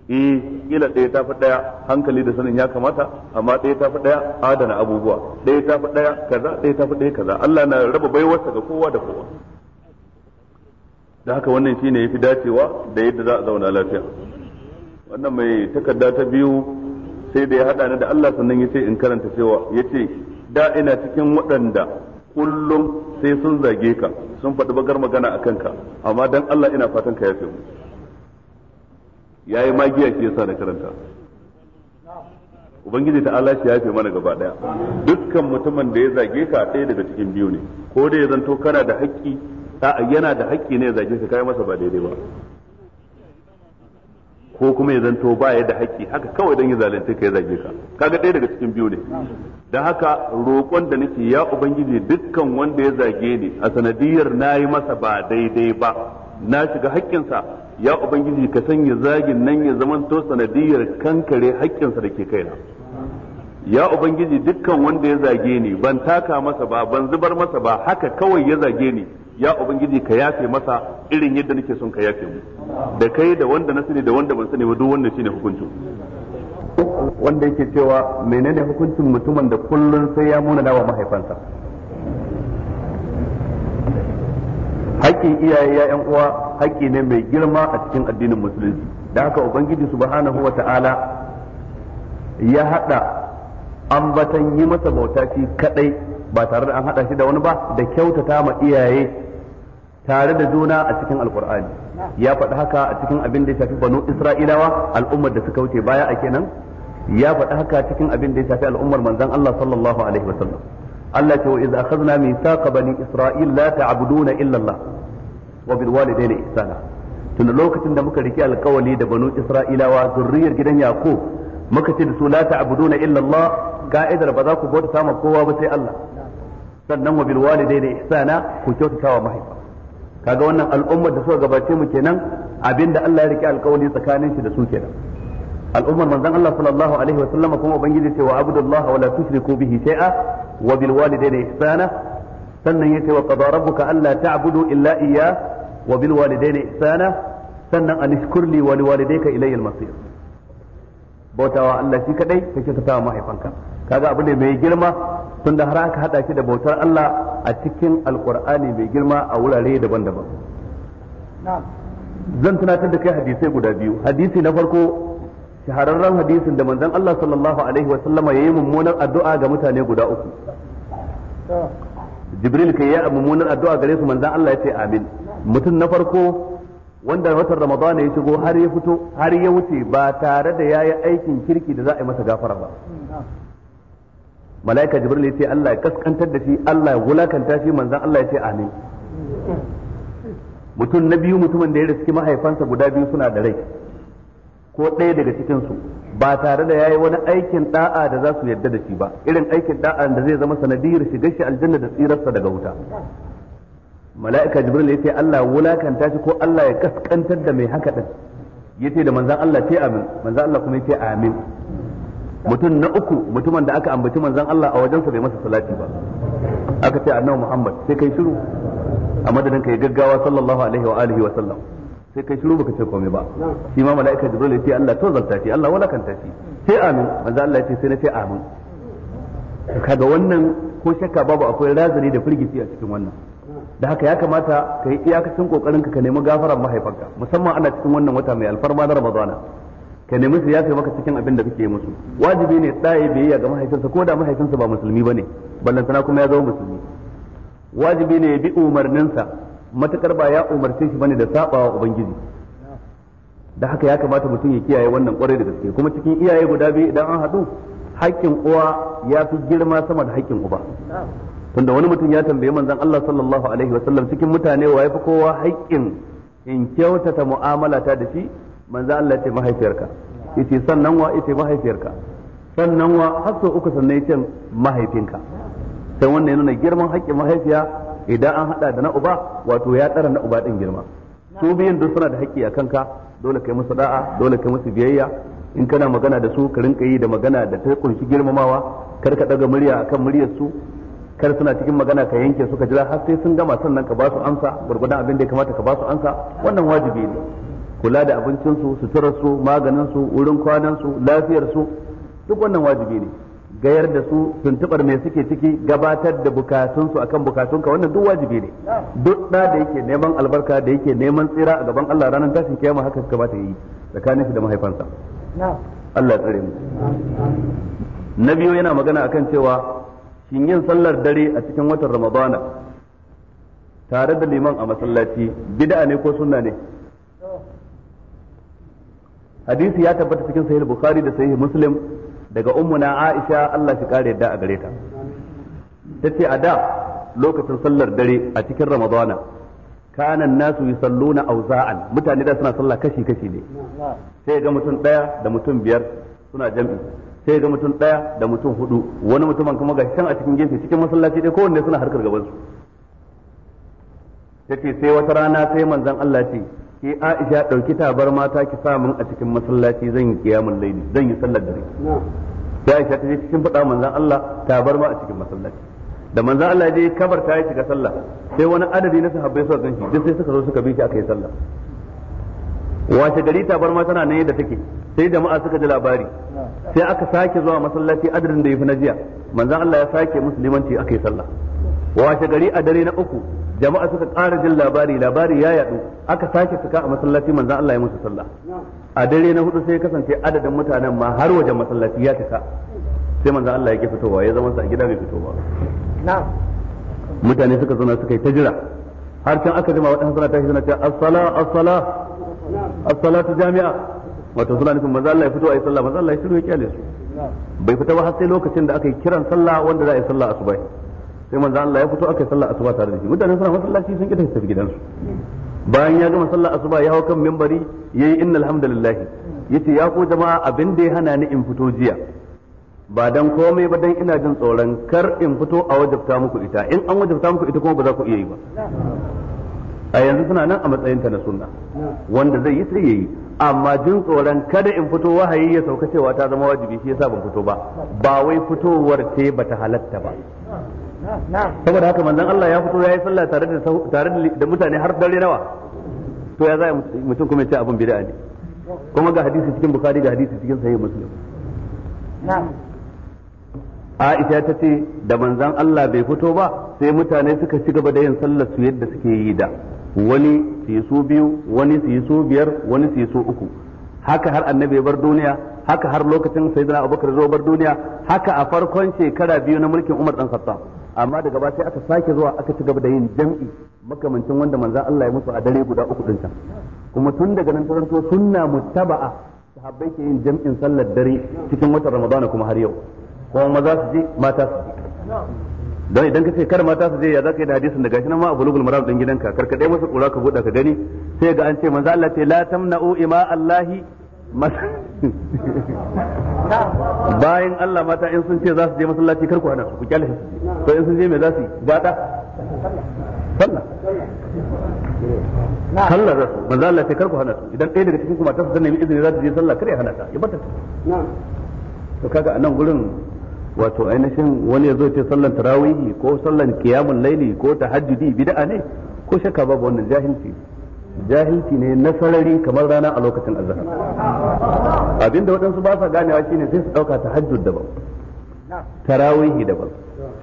eh kila ɗaya ta fi ɗaya hankali da sanin ya kamata amma ɗaya ta fi ɗaya adana abubuwa ɗaya ta fi ɗaya kaza ɗaya ta fi ɗaya kaza Allah na raba baiwarsa ga kowa da kowa da haka wannan shine yafi dacewa da yadda za a zauna lafiya wannan mai takarda ta biyu sai da ya haɗa ni da Allah sannan ya ce in karanta cewa ya ce da ina cikin waɗanda kullum sai sun zage ka sun faɗi bagar magana a kanka amma dan Allah ina fatan ka yafe mu yayi magiya ke yasa na karanta ubangiji ta Allah shi yafe mana gaba daya dukkan mutumin da ya zage ka ɗaya daga cikin biyu ne ko da ya zanto kana da haƙƙi a yana da haƙƙi ne ya zage ka kai masa ba daidai ba ko kuma ya zanto ba ya da haƙƙi haka kawai don ya zalunta ka ya zage ka kaga ɗaya daga cikin biyu ne da haka roƙon da nake ya ubangiji dukkan wanda ya zage ni a sanadiyar na yi masa ba daidai ba na shiga haƙƙinsa ya ubangiji ka sanya zagin nan ya zamanto sanadiyar kankare haƙƙinsa da ke kaina ya ubangiji dukkan wanda ya zage ni ban taka masa ba ban zubar masa ba haka kawai ya zage ni ya ubangiji ka yafe masa irin yadda nake son ka yafe mu da kai da wanda na sani da wanda ban sani ba duk wannan shine hukuncin wanda yake cewa menene hukuncin mutumin da kullun sai ya muna wa mahaifansa haƙƙin iyaye ya ƴan uwa haƙƙi ne mai girma a cikin addinin musulunci da haka ubangiji subhanahu wa ta'ala ya haɗa batan yi masa bauta shi kadai ba tare da an haɗa shi da wani ba da kyautata ma iyaye tare da juna a cikin alkur'ani ya faɗi haka a cikin abin da ya shafi banu isra'ilawa al'ummar da suka wuce baya a kenan ya faɗi haka cikin abin da ya shafi al'ummar manzon Allah sallallahu alaihi wasallam Allah ce wa iz akhadna mithaqa bani isra'il la ta'buduna illa Allah wa bil walidayni ihsana tun lokacin da muka riki alkawali da banu isra'ilawa zurriyar gidan yaqub muka ce da su la ta'buduna illa Allah ka'idar ba za ku bauta ma kowa ba sai Allah sannan wa bil walidayni ihsana ku kyautata wa mahaifa kaga wannan al'ummar da suka gabace mu kenan abinda Allah ya rike alkawari tsakanin shi da su kenan al'ummar manzon Allah sallallahu alaihi wa sallama kuma ubangiji cewa abudullahi wa la tushriku bihi shay'a wa bil walidayni ihsana sannan yace wa qada rabbuka alla ta'budu illa iyyah wa bil walidayni ihsana sannan an ishkurli wa liwalidayka ilayya al-masir bautawa Allah shi kadai kake kyautata mahaifanka kaga abu ne mai girma tunda har aka hada shi da bautar Allah a cikin alkur'ani mai girma a wurare daban-daban zan tunatar da kai hadisai guda biyu hadisi na farko shahararren hadisin da manzon Allah sallallahu alaihi wa sallama yayi mummunar addu'a ga mutane guda uku Jibril kai ya mummunar addu'a gare su manzon Allah ya ce amin mutum na farko wanda watan Ramadana ya shigo har ya fito har ya wuce ba tare da yayi aikin kirki da za a yi masa gafara ba malaika jibril yace Allah ya kaskantar da shi Allah ya wulakanta shi manzon Allah yace amin mutum na biyu mutumin da ya riski mahaifansa guda biyu suna da rai ko ɗaya daga cikin su ba tare da yayi wani aikin da'a da za su yarda da shi ba irin aikin da'a da zai zama sanadiyar shigar shi aljanna da tsirarsa daga wuta mala'ika jibril yace Allah wulakanta shi ko Allah ya kaskantar da mai haka din yace da manzon Allah ce amin manzon Allah kuma yace amin mutum na uku mutumin da aka ambaci manzon Allah a wajensa bai masa salati ba aka ce annabi Muhammad sai kai shiru a madadin kai gaggawa sallallahu alaihi wa alihi wa sallam sai kai shiru baka ce komai ba shi ma mala'ika jibril ya ce Allah to zalta shi Allah walakanta shi sai amin manzo Allah ya ce sai na ce amin kaga wannan ko shakka babu akwai razani da firgici a cikin wannan da haka ya kamata ka yi iyakacin kokarin ka ka nemi gafarar mahaifarka musamman ana cikin wannan wata mai alfarma na Ramadana ka nemi su yafe maka cikin abin da kake musu wajibi ne tsaye biyayya ga mahaifinsa ko da mahaifinsa ba musulmi bane ballantana kuma ya zama musulmi wajibi ne ya bi umarninsa matakar ba ya umarce shi bane da sabawa ubangiji da haka ya kamata mutum ya kiyaye wannan kwarai da gaske kuma cikin iyaye guda biyu idan an haɗu haƙƙin uwa ya fi girma sama da haƙƙin uba tunda wani mutum ya tambaye manzon Allah sallallahu alaihi wasallam cikin mutane wa ya fi kowa haƙƙin in kyautata mu'amala ta da shi manzo Allah yace mahaifiyarka yace sannan wa yace mahaifiyarka sannan wa har sau uku sannan yace mahaifinka sai wannan ya nuna girman haƙƙin mahaifiya idan an hada da na uba wato ya tsara na uba din girma su biyan duk suna da haƙƙi a kanka dole kai musu da'a dole kai musu biyayya in kana magana da su ka rinka yi da magana da ta kunshi girmamawa kar ka daga murya akan muryar su kar suna cikin magana ka yanke su ka jira har sai sun gama sannan ka ba su amsa gurgudan abin da ya kamata ka ba su amsa wannan wajibi ne kula da abincinsu suturarsu maganinsu wurin kwanansu lafiyarsu duk wannan wajibi ne gayar da su tuntubar mai suke ciki gabatar da bukatunsu akan bukatunka wannan duk wajibi ne duk da da yake neman albarka da yake neman tsira a gaban Allah ranar tashin kiyama haka suka bata yi tsakanin shi da mahaifansa Allah tsare mu na biyu yana magana akan cewa shin yin sallar dare a cikin watan Ramadana tare da liman a masallaci bid'a ne ko sunna ne hadisi ya tabbata cikin sahih bukhari da sahih muslim daga ummuna aisha Allah shi kare yadda a gare ta tace a da lokacin sallar dare a cikin ramadana kana nasu yusalluna awza'an mutane da suna sallah kashi kashi ne sai ga mutum daya da mutum biyar suna jam'i sai ga mutum daya da mutum hudu wani mutumin kuma ga can a cikin gefe cikin masallaci dai kowanne suna harkar gaban su tace sai wata rana sai manzon Allah ce ke Aisha ɗauki tabar mata ki sa mun a cikin masallaci zan yi kiyamun laili zan yi sallar dare sai Aisha ta je cikin faɗa manzon Allah tabar ma a cikin masallaci da manzon Allah je kabar ta yi shiga sallah sai wani adadi na sahabbai suka ganshi duk sai suka zo suka bi shi aka yi sallah Wace gari tabar ma tana nan yadda take sai jama'a suka ji labari sai aka sake zuwa masallaci adadin da yafi na jiya manzon Allah ya sake musulmanci aka yi sallah Wace gari a dare na uku jama'a suka ƙara jin labari labari ya yadu aka sake suka a masallaci manzan Allah ya musu sallah a dare na hudu sai ya kasance adadin mutanen ma har wajen masallaci ya cika sai manzan Allah ya ke fitowa ya zama sa a gida bai fito ba mutane suka zauna suka yi ta jira har can aka jima wadansu suna tashi suna cewa as-sala as-sala jami'a wato suna nufin manzon Allah ya fito a yi sallah manzon Allah ya shiru ya kyale su bai fita ba har sai lokacin da aka yi kiran sallah wanda za a yi sallah asubai sai manzo Allah ya fito aka yi sallar asuba tare da shi mutane suna masallaci sun kita tafi gidansu bayan ya gama sallar asuba ya hau kan minbari yayi innal hamdalillah yace ya ko jama'a abin da ya hana ni in fito jiya ba dan komai ba dan ina jin tsoron kar in fito a wajabta muku ita in an wajabta muku ita kuma ba za ku iya yi ba a yanzu suna nan a matsayin ta na sunna wanda zai yi sai yayi amma jin tsoron kada in fito wahayi ya sauka cewa ta zama wajibi shi yasa ban fito ba ba wai fitowar ce bata halatta ba saboda haka manzon Allah ya fito ya yi sallah tare da tare da mutane har dare nawa to ya za mutum kuma ya ce abin bid'a ne kuma ga hadisi cikin bukhari ga hadisi cikin sahih muslim Aisha ta ce da manzon Allah bai fito ba sai mutane suka ci gaba da yin sallar su yadda suke yi da wani su yi su biyu wani su yi su biyar wani su yi su uku haka har annabi bar duniya haka har lokacin sayyidina abubakar zo bar duniya haka a farkon shekara biyu na mulkin umar dan khattab amma daga ba sai aka sake zuwa aka ci gaba da yin jam'i makamancin wanda manzan Allah ya musu a dare guda uku din kuma tun daga nan taranto sunna muttaba'a sahabbai ke yin jam'in sallar dare cikin watan ramadana kuma har yau kuma maza su je mata su je don idan ka ce kar mata su je ya zaka yi da hadisin da gashi nan ma a bulugul maram din gidanka karkade masa kura ka buɗa ka gani sai ga an ce manzo Allah ce la tamna'u ima Allahi bayan Allah mata in sun ce za su je masallaci kar ku hana su ku kyale su to in sun je me za su yi gata sallah sallah za su manzo Allah sai kar ku hana su idan ɗaya daga cikin ku su ta nemi izini za su je sallah kar ya hana ta ya bata to kaga a nan gurin wato ainihin wani ya zo ce sallan tarawihi ko sallan qiyamul laili ko tahajjudi bid'a ne ko shakka babu wannan jahilci jahilci ne na sarari kamar rana a lokacin azhar abinda waɗansu ba sa ganewa shine sai su ɗauka ta tahajjud daban tarawihi daban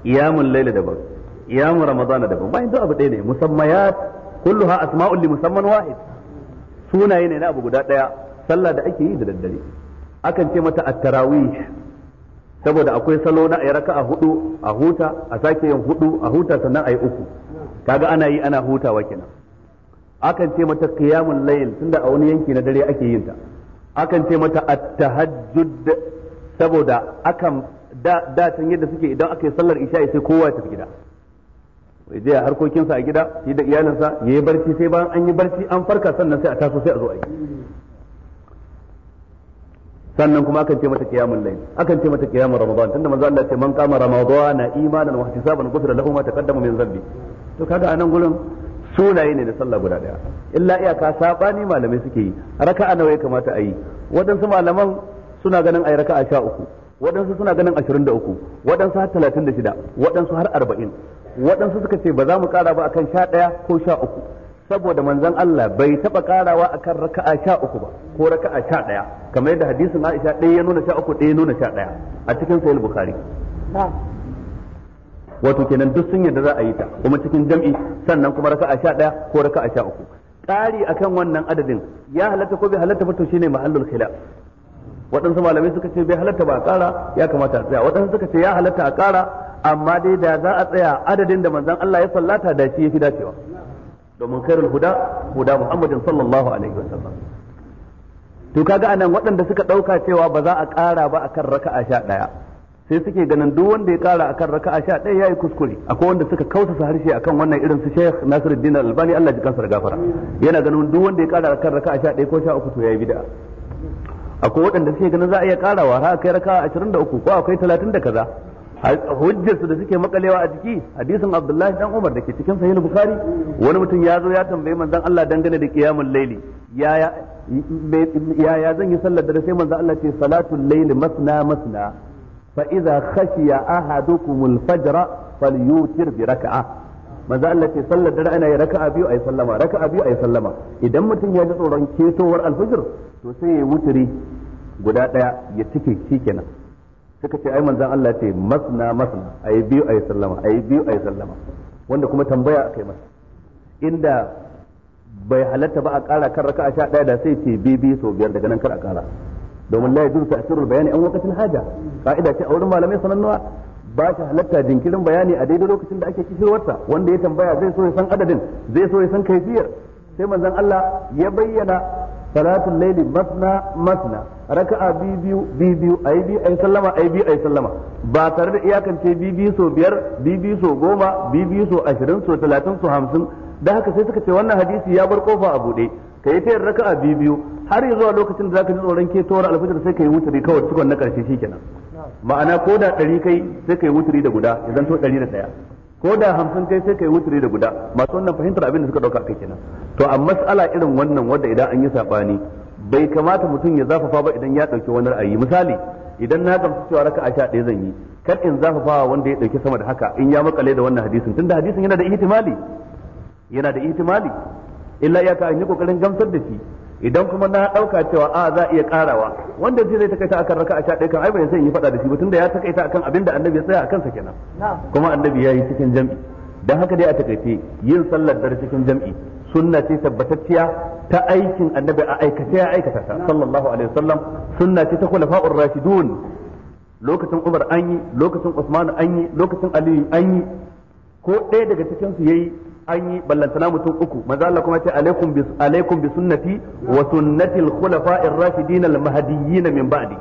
iyamun laila daban iyamun ramadana daban bayan duk abu ɗaya ne kullu ha asma'un li musamman wahid sunaye ne na abu guda ɗaya sallah da ake yi da daddare akan ce mata at-tarawih saboda akwai salo na ayi a hudu a huta a sake yin hudu a huta sannan ayi uku kaga ana yi ana hutawa kenan akan ce mata qiyamul layl tunda a wani yanki na dare ake yin ta akan ce mata at-tahajjud saboda akan da da tun yadda suke idan aka yi sallar isha sai kowa ya tafi gida je a harkokinsa a gida shi da iyalinsa yayi barci sai bayan an yi barci an farka sannan sai a taso sai a zo a yi sannan kuma akan ce mata qiyamul layl akan ce mata qiyamul ramadan tunda manzo Allah ce man qama ramadana imanan wa ihtisaban ghufira lahu ma taqaddama min dhanbi to kaga anan gurin sunaye ne da sallah guda daya illa iyaka sabani malamai suke yi raka'a nawa ya kamata a yi waɗansu malaman suna ganin ayi raka'a sha uku waɗansu suna ganin ashirin da uku waɗansu har talatin da shida waɗansu har arba'in waɗansu suka ce ba za mu kara ba akan sha ɗaya ko sha uku saboda manzon Allah bai taɓa karawa akan raka'a sha uku ba ko raka'a sha ɗaya kamar yadda hadisin Aisha ɗaya ya nuna sha uku ɗaya ya nuna sha ɗaya a cikin sahih Bukhari wato kenan duk sun yarda za a yi ta kuma cikin jam'i sannan kuma raka a 11 ko raka sha 13 ƙari akan wannan adadin ya halatta ko bai halatta ba to shine mahallul khilaf waɗansu malamai suka ce bai halatta ba a ƙara ya kamata a tsaya waɗansu suka ce ya halatta a ƙara amma dai da za a tsaya adadin da manzon Allah ya sallata da shi yafi dacewa domin khairul huda huda Muhammadin sallallahu alaihi wasallam to kaga anan waɗanda suka ɗauka cewa ba za a ƙara ba akan raka'a 11 sai suke ganin duk wanda ya kara akan raka'a sha ɗaya yayi kuskure akwai wanda suka kautasa harshe akan wannan irin su Sheikh Nasiruddin Albani Allah ya kansa da gafara yana ganin duk wanda ya kara akan raka'a sha ɗaya ko sha uku to yayi bid'a akwai waɗanda suke ganin za a iya karawa har kai raka'a 23 ko akwai 30 da kaza hujjar su da suke makalewa a jiki hadisin Abdullahi dan Umar da ke cikin sahihul Bukhari wani mutum ya zo ya tambaye manzon Allah dangane da qiyamul layli yaya yaya zan yi sallar dare sai manzon Allah ce salatul layli masna masna fa idza khashiya ahadukumul fajra falyutir bi rak'a manzo Allah ce sallar dare ana yi raka'a biyu ayi sallama raka'a biyu ayi sallama idan mutum ya ji tsoron ketowar alfajir to sai ya wuturi guda daya ya tike shi kenan suka ce ai manzan Allah ce masna masna ayi biyu ayi sallama ayi biyu ayi sallama wanda kuma tambaya akai masa inda bai halatta ba a ƙara kan raka'a sha ɗaya da sai ce bibi sau biyar daga nan kar a ƙara domin la yajuzu ta'sirul bayani an waqtil haja ka'ida ce a wurin malamai sanannuwa ba shi halatta jinkirin bayani a daidai lokacin da ake kishirwarta wanda ya tambaya zai so ya san adadin zai so ya san kaifiyar sai manzon Allah ya bayyana salatul laili masna masna raka'a biyu biyu biyu biyu ayi biyu ayi sallama ayi biyu ayi sallama ba tare da iyakance biyu biyu so biyar biyu biyu so goma biyu biyu so ashirin so talatin so hamsin da haka sai suka ce wannan hadisi ya bar kofa a buɗe ka yi tayar a biyu biyu har zuwa lokacin da zaka ji tsoron ke tora alfajir sai ka yi wuturi kawai cikon na karshe kenan. ma'ana ko da ɗari kai sai ka yi wuturi da guda ya zanto ɗari da ɗaya ko da hamsin kai sai ka yi wuturi da guda masu wannan fahimtar abin da suka ɗauka kai kenan to a mas'ala irin wannan wadda idan an yi saɓani bai kamata mutum ya zafafa ba idan ya ɗauki wani ra'ayi misali idan na gamsu cewa raka a sha ɗaya zan yi kar in zafafa wanda ya ɗauki sama da haka in ya makale da wannan hadisin tunda hadisin yana da ihtimali yana da ihtimali illa iyaka an yi kokarin gamsar da shi idan kuma na dauka cewa ah, a za iya karawa wanda zai takaita akan raka'a sha ɗaya kan ai bai sai yi faɗa da shi ba tunda ya takaita akan abin da annabi ya tsaya akan sa kenan kuma annabi ya yi cikin jam'i dan haka dai a takaice yin sallar dare cikin jam'i sunna ce tabbatacciya ta aikin annabi a ya aikata ta sallallahu alaihi wasallam sunna ce ta khulafa'ur rashidun lokacin Umar an yi lokacin Usman an yi lokacin Ali an yi ko ɗaya daga cikin su yayi an yi ballantana mutum uku manzo Allah kuma ya ce alaikum bis alaikum bi sunnati wa sunnati al khulafa'i ar-rashidin al mahdiyyin min ba'di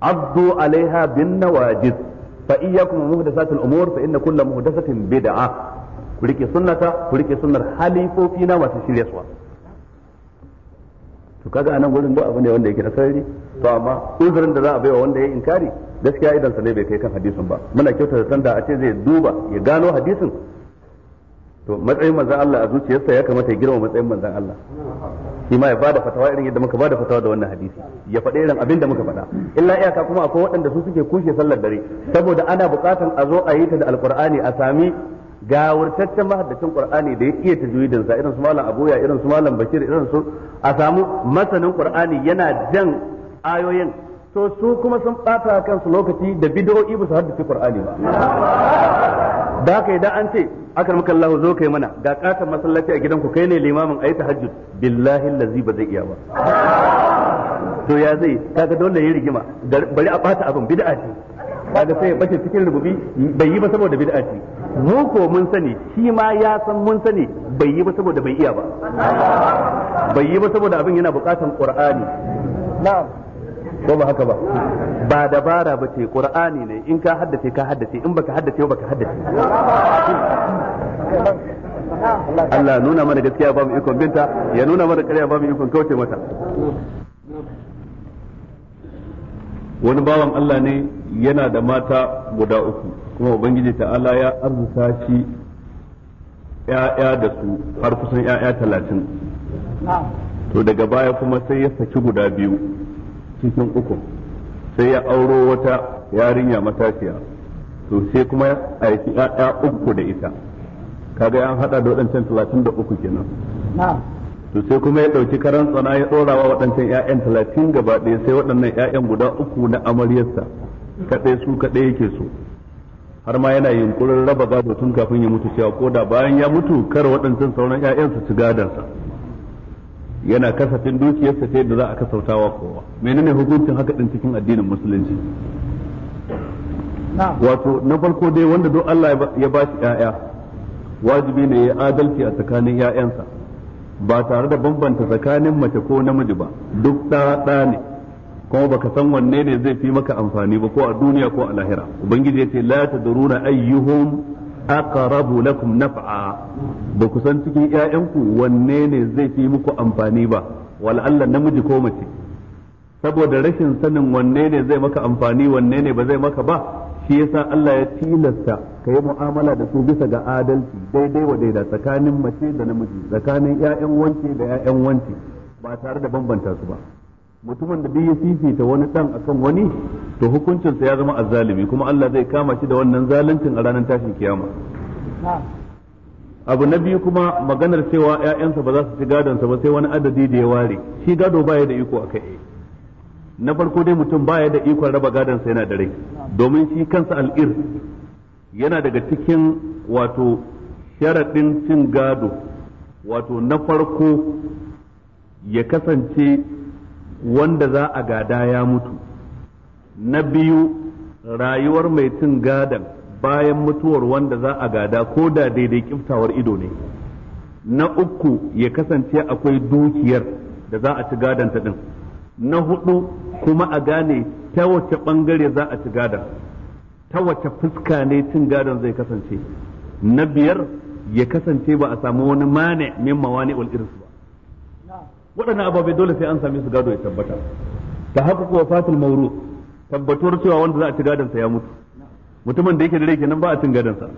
addu alaiha bin nawajid fa iyyakum muhdathat al umur fa inna kull muhdathatin bid'a ku rike sunnata ku rike sunnar halifofi na masu shirye suwa to kaga anan gurin ba abu ne wanda yake da sarari to amma uzurin da za a baiwa wanda ya inkari gaskiya idan sa ne bai kai kan hadisin ba muna kyautata san da a ce zai duba ya gano hadisin to matsayin manzon Allah a zuciyarsa ya kamata ya girma matsayin manzon Allah shi ma ya bada fatawa irin yadda muka bada fatawa da wannan hadisi ya faɗi irin abin da muka faɗa illa iyaka kuma akwai waɗanda su suke kushe sallar dare saboda ana buƙatan a zo a yi ta da alqur'ani a sami gawurtaccen mahaddacin qur'ani da ya iya tajwidin sa irin su malam abuya irin su malam bashir irin su a samu masanin qur'ani yana jan ayoyin to su kuma sun bata kansu lokaci da bid'o'i ba su haddace Qur'ani ba da haka idan an ce aka maka Allah zo kai mana ga katon masallaci a gidanku kai ne limamin ayi tahajjud billahi allazi ba zai iya ba to ya zai kaga dole yayi rigima bari a bata abin bid'a ce kaga sai ya bace cikin rububi bai yi ba saboda bid'a ce mu ko mun sani shi ma ya san mun sani bai yi ba saboda bai iya ba bai yi ba saboda abin yana bukatan Qur'ani na'am ko ba haka ba ba dabara ba ce qur'ani ne in ka haddace ka haddace in baka haddace ba baka haddace Allah nuna mana gaskiya ba mu ikon binta ya nuna mana ƙarya ba mu ikon kauce mata wani bawan Allah ne yana da mata guda uku kuma ubangiji ta'ala ya arzuta shi ya'ya da su har kusan ya'ya talatin to daga baya kuma sai ya saki guda biyu cikin uku sai ya auro wata yarinya matashiya to sai kuma ya aiki ya uku da ita kaga an hada da waɗancan talatin da uku kenan to sai kuma ya ɗauki karan tsana ya ɗora wa waɗancan 'ya'yan talatin gaba ɗaya sai waɗannan 'ya'yan guda uku na amaryarsa kaɗai su kaɗai yake so har ma yana yunkurin raba gado tun kafin ya mutu cewa ko da bayan ya mutu kar waɗancan sauran 'ya'yansu su ci yana kasafin dukiyarsa ta yadda za a wa kowa menene hukuncin haka din cikin addinin musulunci wato na farko dai wanda duk Allah ya ba shi ƴaƴa wajibi ne ya adalci a tsakanin ƴaƴansa ba tare da bambanta tsakanin mace ko namiji ba duk ta da ne kuma baka san wanne ne zai fi maka amfani ba ko a duniya ko a lahira ubangiji ya ce la tadruna ayyuhum aqrabu lakum naf'a ba ku san cikin 'ya'yanku wanne ne zai fi muku amfani ba wala Allah namiji ko mace saboda rashin sanin wanne ne zai maka amfani wanne ne ba zai maka ba shi yasa Allah ya tilasta ka yi mu'amala da su bisa ga adalci daidai wa daida tsakanin mace da namiji tsakanin 'ya'yan wance da 'ya'yan wance ba tare da bambanta su ba mutumin da duk ya fifita wani dan akan wani to hukuncinsa ya zama azzalimi kuma Allah zai kama shi da wannan zaluncin a ranar tashin kiyama abu na biyu kuma maganar cewa 'ya'yansa ba za su ci gadonsa ba sai wani adadi da ya ware shi gado baya da iko akai na farko dai mutum baya da ikon raba gadonsa yana da rai domin shi kansa al'ir yana daga cikin wato sharaɗin cin gado wato na farko ya kasance wanda za a gada ya mutu na biyu rayuwar mai cin gadan bayan mutuwar wanda za a gada ko da daidai kiftawar ido ne na uku ya kasance akwai dukiyar da za a ci ta din na hudu kuma a gane ta wace bangare za a ci gadan ta wace fuska ne cin gadon zai kasance na biyar ya kasance ba a samu wani mane min mawani ul ba waɗannan ababe dole sai an same su gado ya tabbata ta haka kuwa fatul mauru tabbatuwar cewa wanda za a ci gadonsa ya mutu mutumin da yake da rai kenan ba a cin gadonsa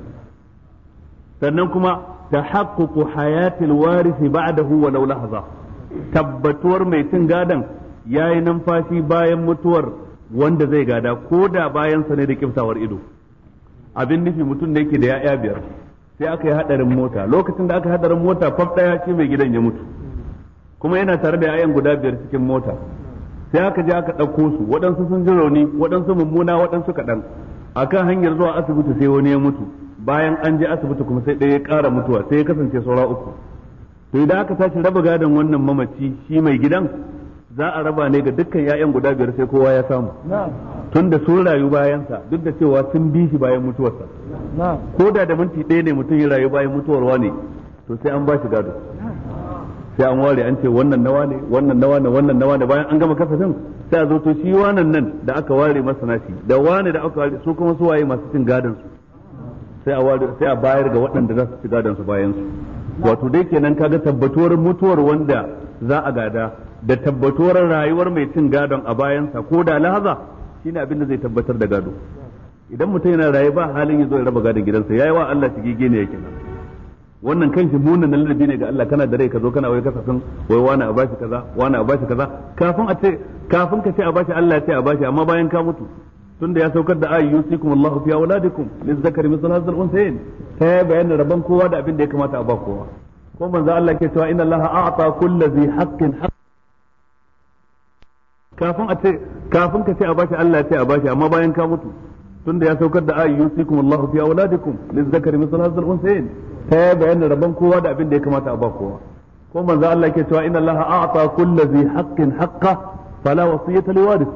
sannan kuma ta haƙƙuƙu hayatil warisi ba wa laula haza tabbatuwar mai cin gadon ya yayi numfashi bayan mutuwar wanda zai gada ko da bayan sane da kiftawar ido abin nufi mutum da yake da ya'ya biyar sai aka yi hadarin mota lokacin da aka yi hadarin mota fafɗaya daya ce mai gidan ya mutu kuma yana tare da 'ya'yan guda biyar cikin mota sai aka je aka ɗauko su waɗansu sun ji rauni waɗansu mummuna waɗansu kaɗan A kan hanyar zuwa asibiti sai wani ya mutu bayan an je asibiti kuma sai ɗaya ya ƙara mutuwa sai ya kasance saura uku to idan aka tashi raba gadon wannan mamaci shi mai gidan za a raba ne ga dukkan 'ya'yan guda biyar sai kowa ya samu tun da sun rayu bayansa duk da cewa sun bi shi bayan mutuwarsa ko da da minti ɗaya ne mutum ya rayu bayan mutuwar ne to sai an ba shi gado sai an ware an ce wannan nawa ne wannan nawa ne wannan nawa ne bayan an gama kasafin sai a zo to shi wannan nan da aka ware masa nashi da wane da aka ware su kuma su waye masu cin gadon su sai a ware sai a bayar ga waɗanda za su ci gadon su bayan su wato dai kenan kaga tabbatuwar mutuwar wanda za a gada da tabbatuwar rayuwar mai cin gadon a bayan sa ko da lahaza shine abin da zai tabbatar da gado idan mutum yana rayuwa ba halin ya zo ya raba gadon gidansa yayi wa Allah shigige ne yake nan wannan kan kanshi munan ladabi ne ga Allah kana da rai ka zo kana wai kasafin wai wani a bashi kaza wani a bashi kaza kafin a ce kafin ka ce a bashi Allah ya ce a bashi amma bayan ka mutu tunda ya saukar da ayi yusikum Allahu fi auladikum lizzakari mithlu hadzal unsayn ta bayanin rabban kowa da abin da ya kamata a ba kowa ko manzo Allah ke cewa inna Allah a'ta kulli dhi haqqin kafin a ce kafin ka ce a bashi Allah ya ce a bashi amma bayan ka mutu tunda ya saukar da ayi yusikum Allahu fi auladikum lizzakari mithlu hadzal unsayn ta ya bayyana rabon kowa da abin da ya kamata a ba kowa ko manzo Allah yake cewa inna Allah a'ta kulli dhi haqqin haqqa fala wasiyata liwarith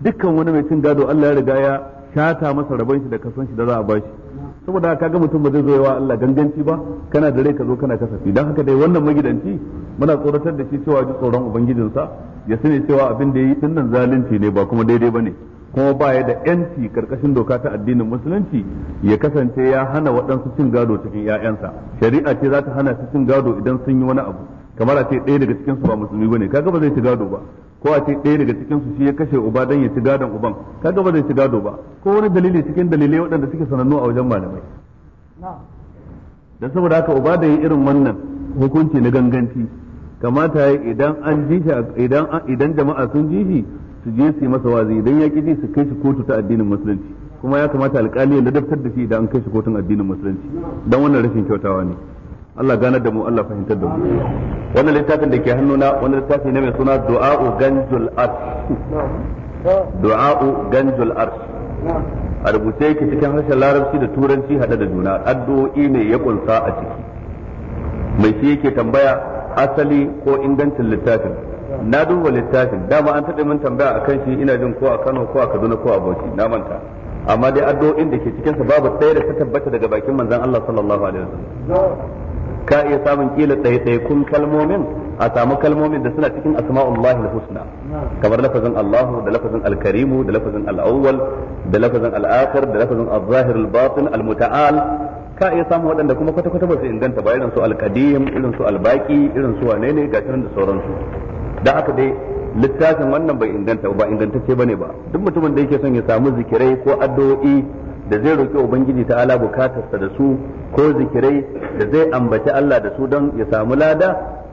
dukkan wani mai cin gado Allah ya riga ya shata masa rabon shi da kasan shi da za a ba shi saboda kaga mutum ba zai zo yawa Allah ganganci ba kana da rai ka zo kana kasafi dan haka dai wannan magidanci muna tsoratar da shi cewa ji tsoron ubangijinsa ya sani cewa abin da ya yi dinnan zalunci ne ba kuma daidai ba ne kuma ba ya da yanci karkashin doka ta addinin musulunci ya kasance ya hana waɗansu cin gado cikin 'ƴa'ƴansa shari'a ce za ta hana su cin gado idan sun yi wani abu kamar a ce ɗaya daga cikin su ba musulmi bane kaga ba zai ci gado ba ko a ce ɗaya daga cikin su shi ya kashe uba dan ya ci gadon uban kaga ba zai ci gado ba ko wani dalili cikin dalilai waɗanda suke sanannu a wajen malamai dan saboda haka uba da yi irin wannan hukunci na ganganci kamata ya idan an ji idan idan jama'a sun ji shi su je su yi masa wazi idan ya ji su kai shi kotu ta addinin musulunci kuma ya kamata alƙali ya ladabtar da shi idan an kai shi kotun addinin musulunci dan wannan rashin kyautawa ne Allah ganar da mu Allah fahimtar da mu wannan littafin da ke hannuna wannan littafi ne mai suna du'a'u ganjul arsh du'a'u ganjul arsh a rubuce yake cikin harshen larabci da turanci hada da juna addu'o'i ne ya kunsa a ciki mai shi yake tambaya asali ko ingancin littafin na duba littafin dama an taɓa min tambaya akan shi ina jin ko a Kano ko a Kaduna ko a Bauchi na manta amma dai addu'o'in da ke cikin sa babu ɗaya da ta tabbata daga bakin manzon Allah sallallahu alaihi wasallam ka iya samun kila ɗaya ɗaya kun kalmomin a samu kalmomin da suna cikin asma'ullahi al-husna kamar lafazin Allahu da lafazin al-karimu da lafazin al-awwal da lafazin al-akhir da lafazin al-zahir al-batin al-muta'al ka iya samu waɗanda kuma kwata-kwata ba su inganta ba irin su al-qadim irin su al-baqi irin su wane ne ga da sauransu da aka dai littafin wannan bai inganta ba ingantacce bane ba duk mutumin da yake son ya samu zikirai ko addu'o'i da zai roki ubangiji ta ala bukatarsa da su ko zikirai da zai ambaci Allah da su don ya samu lada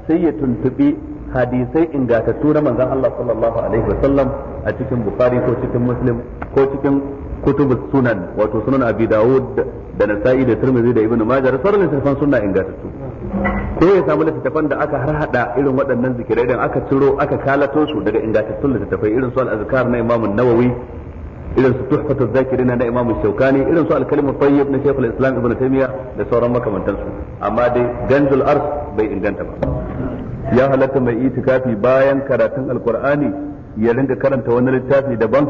sai ya tuntubi hadisai ingantattu na manzon Allah sallallahu alaihi sallam a cikin bukhari ko cikin muslim ko cikin kutubus sunan wato sunan abi dawud da nasa'i da tirmidhi da ibnu majah da sauran littafan sunna ingantattu ko ya samu littattafan da aka harhaɗa irin waɗannan zikirai idan aka ciro aka kalato su daga ingantattun littattafai irin su al na Imam Nawawi irin su tuhfatu zakirina na Imam Shawkani irin su al-kalimu na Sheikhul Islam Ibn Taymiyyah da sauran makamantan amma dai ganzul ars bai inganta ba ya halatta mai itikafi bayan karatun alqur'ani ya rinka karanta wani littafi daban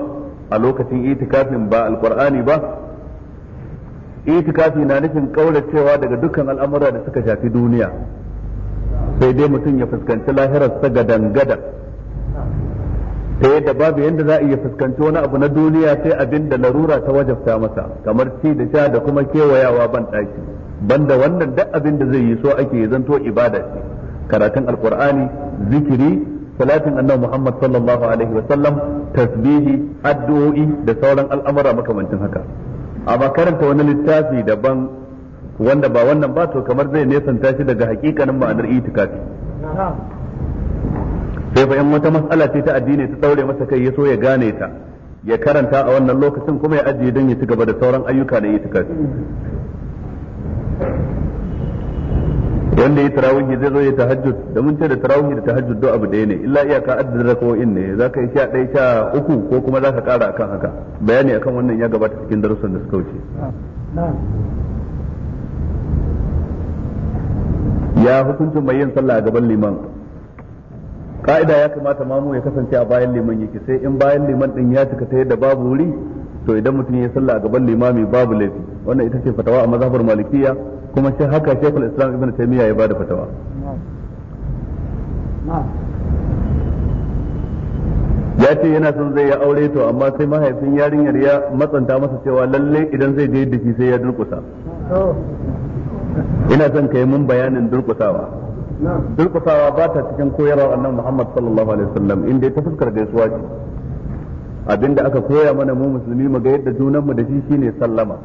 a lokacin itikafin ba alqur'ani ba itikafi na nufin kauracewa daga dukkan al'amura da suka shafi duniya sai dai mutum ya fuskanci lahirarsa gadan gada ta yadda babu yadda za a iya fuskanci wani abu na duniya sai abin da larura ta wajabta masa kamar ci da sha da kuma kewayawa ban ɗaki banda wannan duk abin da zai yi so ake zanto ibada ce karatun alkur'ani zikiri salatin annabi muhammad sallallahu alaihi wa sallam tasbihi addu'o'i da sauran al'amura makamantin haka amma karanta wani littafi daban wanda ba wannan ba to kamar zai nesanta shi daga hakikanin ma'anar itikafi sai fa in wata mas'ala ce ta addini ta daure masa kai ya so ya gane ta ya karanta a wannan lokacin kuma ya ajiye don ya ci gaba da sauran ayyuka na itikafi wanda ya tarawihi zai zo ya tahajjud da mun ce da tarawihi da tahajjud do abu ɗaya ne illa iyaka addin rakawoyin ne zaka yi sha ɗaya sha uku ko kuma zaka ƙara akan haka bayani akan wannan ya gabata cikin darussan da suka wuce ya hukuncin mai yin sallah a gaban liman ka'ida ya kamata mamu ya kasance a bayan liman yake sai in bayan liman din ya cika ta yadda babu wuri to idan mutum ya sallah a gaban limami babu laifi wannan ita ce fatawa a mazhabar malikiya kuma sai haka shekul islam ibn taymiya ya bada fatawa ya ce yana son zai ya aure to amma sai mahaifin yarinyar ya matsanta masa cewa lalle idan zai je da shi sai ya durkusa ina son kai mun bayanin durkusawa durkusawa ba ta cikin koyarwa annabi Muhammad sallallahu alaihi wasallam inda ta fuskar gaisuwa ce abinda aka koya mana mu musulmi mu ga yadda junan mu da shi shine sallama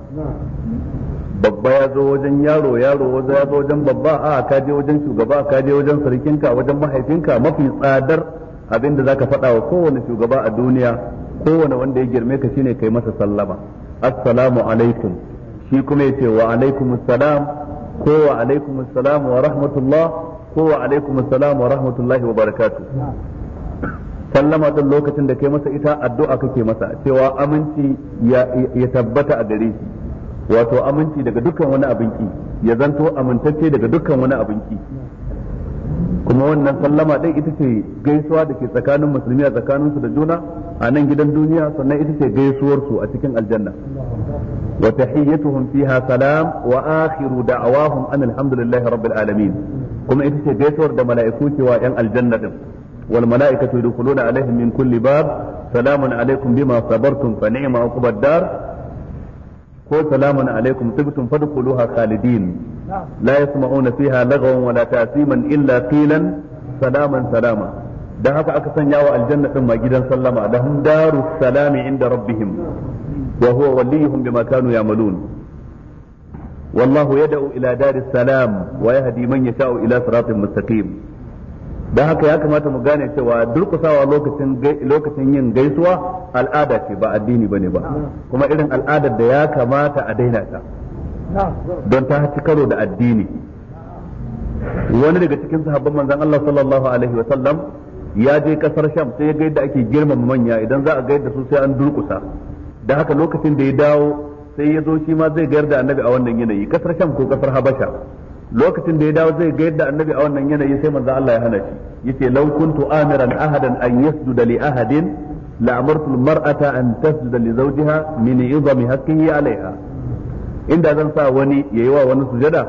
babba ya zo wajen yaro yaro ya zo wajen babba a ka je wajen shugaba ka je wajen sarkinka wajen mahaifinka mafi tsadar abinda zaka faɗa wa kowane shugaba a duniya kowane wanda ya girme ka shine kai masa sallama assalamu alaikum shi kuma yace wa alaikum ko wa alaikum assalam wa rahmatullah ko wa alaikum assalam wa rahmatullah wa barakatuh sallama din lokacin da kai masa ita addu'a kake masa cewa aminci ya tabbata a gare shi wato aminci daga dukkan wani abinki ya zanto amintacce daga dukkan wani abinki kuma wannan sallama ɗin ita ce gaisuwa da ke tsakanin musulmi a tsakaninsu da juna a nan gidan duniya sannan ita ce gaisuwarsu a cikin aljanna wa tahiyyatuhum fiha salam wa akhiru da'awahum an alhamdulillahi rabbil alamin kuma ita ce gaisuwar da mala'iku cewa yan aljanna din wal mala'ikatu yadkhuluna alaihim min kulli bab salamun alaikum bima sabartum fa ni'ma uqbad dar ko salamun alaikum tibtum fadkhuluha khalidin la yasma'una fiha lagawan wala tasiman illa qilan salaman salama dan haka aka sanya wa aljanna din ma gidan sallama lahum daru salami inda rabbihim wa huwa waliyuhum bima kanu ya'malun wallahu yad'u ila dari salam wa yahdi man yasha'u ila siratin mustaqim dan haka ya kamata mu gane cewa durkusawa lokacin lokacin yin gaisuwa al'ada ce ba addini bane ba kuma irin al'adar da ya kamata a daina ta don ta haci karo da addini wani daga cikin sahabban manzan Allah sallallahu alaihi wa ya je kasar Sham sai ya ga yadda ake girmama manya idan za a ga yadda su sai an durkusa da haka lokacin da ya dawo sai ya zo shi ma zai gayar da annabi a wannan yanayi kasar Sham ko kasar Habasha lokacin da ya dawo zai gayar da annabi a wannan yanayi sai manzan Allah ya hana shi yace law kuntu amiran ahadan an yasjuda li ahadin la amartu al-mar'ata an tasjuda li zawjiha min 'izami haqqihi alaiha inda zan sa wani yi wa wani sujada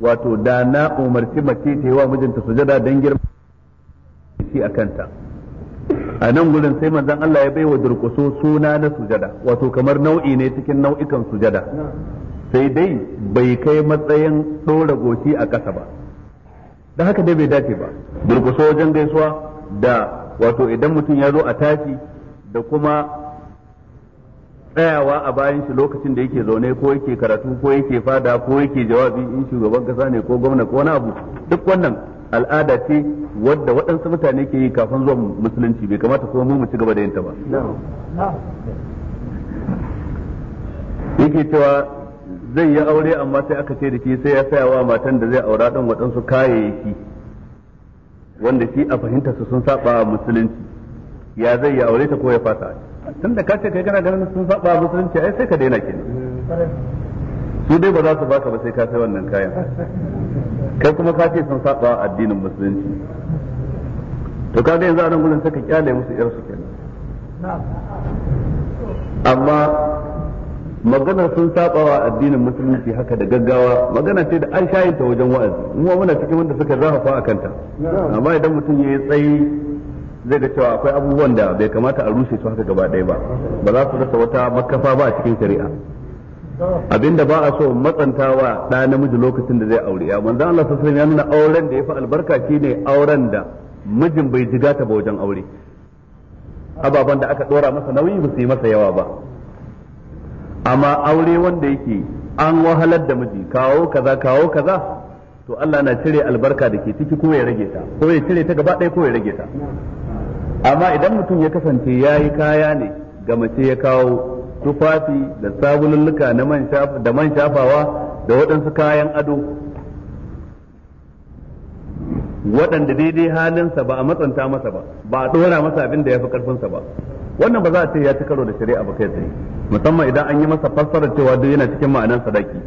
wato da na umarci mace ta yi wa mijinta sujada don girma shi a kanta a nan gudun sai manzan Allah ya baiwa durkuso suna na sujada wato kamar nau'i ne cikin nau'ikan sujada sai dai bai kai matsayin ɗora goshi a ƙasa ba da haka dai bai dace ba durkuso wajen gaisuwa da wato idan mutum ya zo a tashi da kuma tsayawa a bayan shi lokacin da yake zaune ko yake karatu ko yake fada ko yake jawabi in shugaban kasa ne ko gwamna ko wani abu duk wannan al'ada ce wadda waɗansu mutane ke yi kafin zuwa musulunci bai kamata kuma mu ci gaba da yin ta ba yake cewa zai yi aure amma sai aka ce da shi sai ya sayawa matan da zai aura ɗan waɗansu kayayyaki wanda shi a fahimtarsa sun saba musulunci ya zai ya aure ta ko ya fasa tun da ka kai kana ganin sun saba musulunci ai sai ka daina kenan su dai ba za su baka ba sai ka sai wannan kayan kai kuma ka ce sun saba addinin musulunci to ka yanzu a nan gudun sai kyale musu yar su kenan amma magana sun saba wa addinin musulunci haka da gaggawa magana ce da an shayinta wajen wa'azi mu muna cikin wanda suka zafafa a kanta amma idan mutum ya yi tsayi zai ga cewa akwai abubuwan da bai kamata a rushe su haka gaba ɗaya ba ba za su rasa wata makafa ba a cikin shari'a abinda ba a so matsantawa ɗa namiji lokacin da zai aure ya manzon Allah sallallahu alaihi ya nuna auren da ya fi albarka shine auren da mijin bai ta ba wajen aure ababen da aka ɗora masa nauyi ba su yi masa yawa ba amma aure wanda yake an wahalar da miji kawo kaza kawo kaza to Allah na cire albarka da ke ciki ko ya rage ta ko ya cire ta gaba ɗaya ko ya rage ta amma idan mutum ya kasance ya yi kaya ne ga mace ya kawo tufafi da sabulunluka da man shafawa da waɗansu kayan ado waɗanda daidai halinsa ba a matsanta masa ba ba a ɗora masa abin da ya fi ƙarfinsa ba wannan ba za a ce ya ci karo da shari'a ba kai tsaye musamman idan an yi masa fassarar cewa duk yana cikin ma'anar sadaki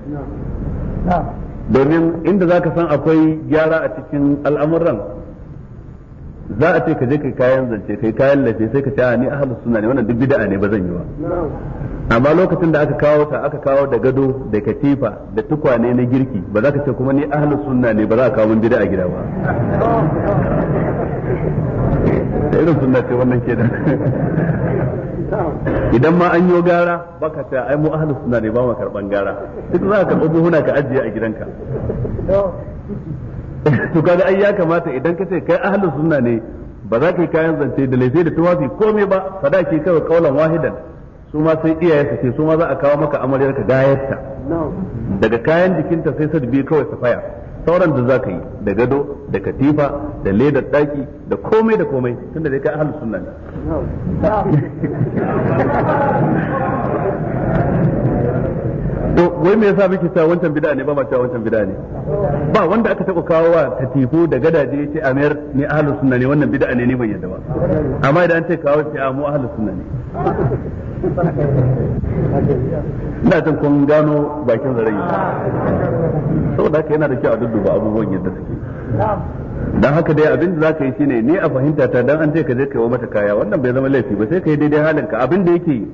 domin inda za ka san akwai gyara a cikin al'amuran za a ce ka je kai kayan zance kai kayan lafiya sai ka ce a ni ahlus sunna ne wannan duk bid'a ne ba zan yi ba amma lokacin da aka kawo ta aka kawo da gado da katifa da tukwane na girki ba za ka ce kuma ni ahlus sunna ne ba za ka kawo min bid'a gida ba irin sunna ce wannan ke da idan ma an yo gara baka ta ai mu ahlus sunna ne ba mu karban gara duk za ka karbo huna ka ajiye a gidanka to kaga ai ya kamata idan ka ce kai ahlus sunna ne ba za ka yi kayan zance da laifi da tuwafi komai ba sadaki kawai kaulan wahidan su ma sai iyaye su ce su ma za a kawo maka amaryar ka gayarta daga kayan jikinta sai sadbi kawai safaya sauran da za ka yi da gado da katifa da ledar daki da komai da komai tunda dai kai ahlus sunna ne to wai me yasa muke cewa wancan bid'a ne ba ba cewa wancan bid'a ne ba wanda aka taba kawo wa katifu da gadaje yace mayar ni ahlus sunna ne wannan bid'a ne ni ban yadda ba amma idan an ce kawo ce a mu ahlus sunna ne ina jin kun gano bakin zarayi saboda haka yana da kyau a dudduba abubuwan yadda suke dan haka dai abin da zaka yi shine ni a fahimta ta dan an ce ka je kai wa mata kaya wannan bai zama laifi ba sai kai daidai halin ka abin da yake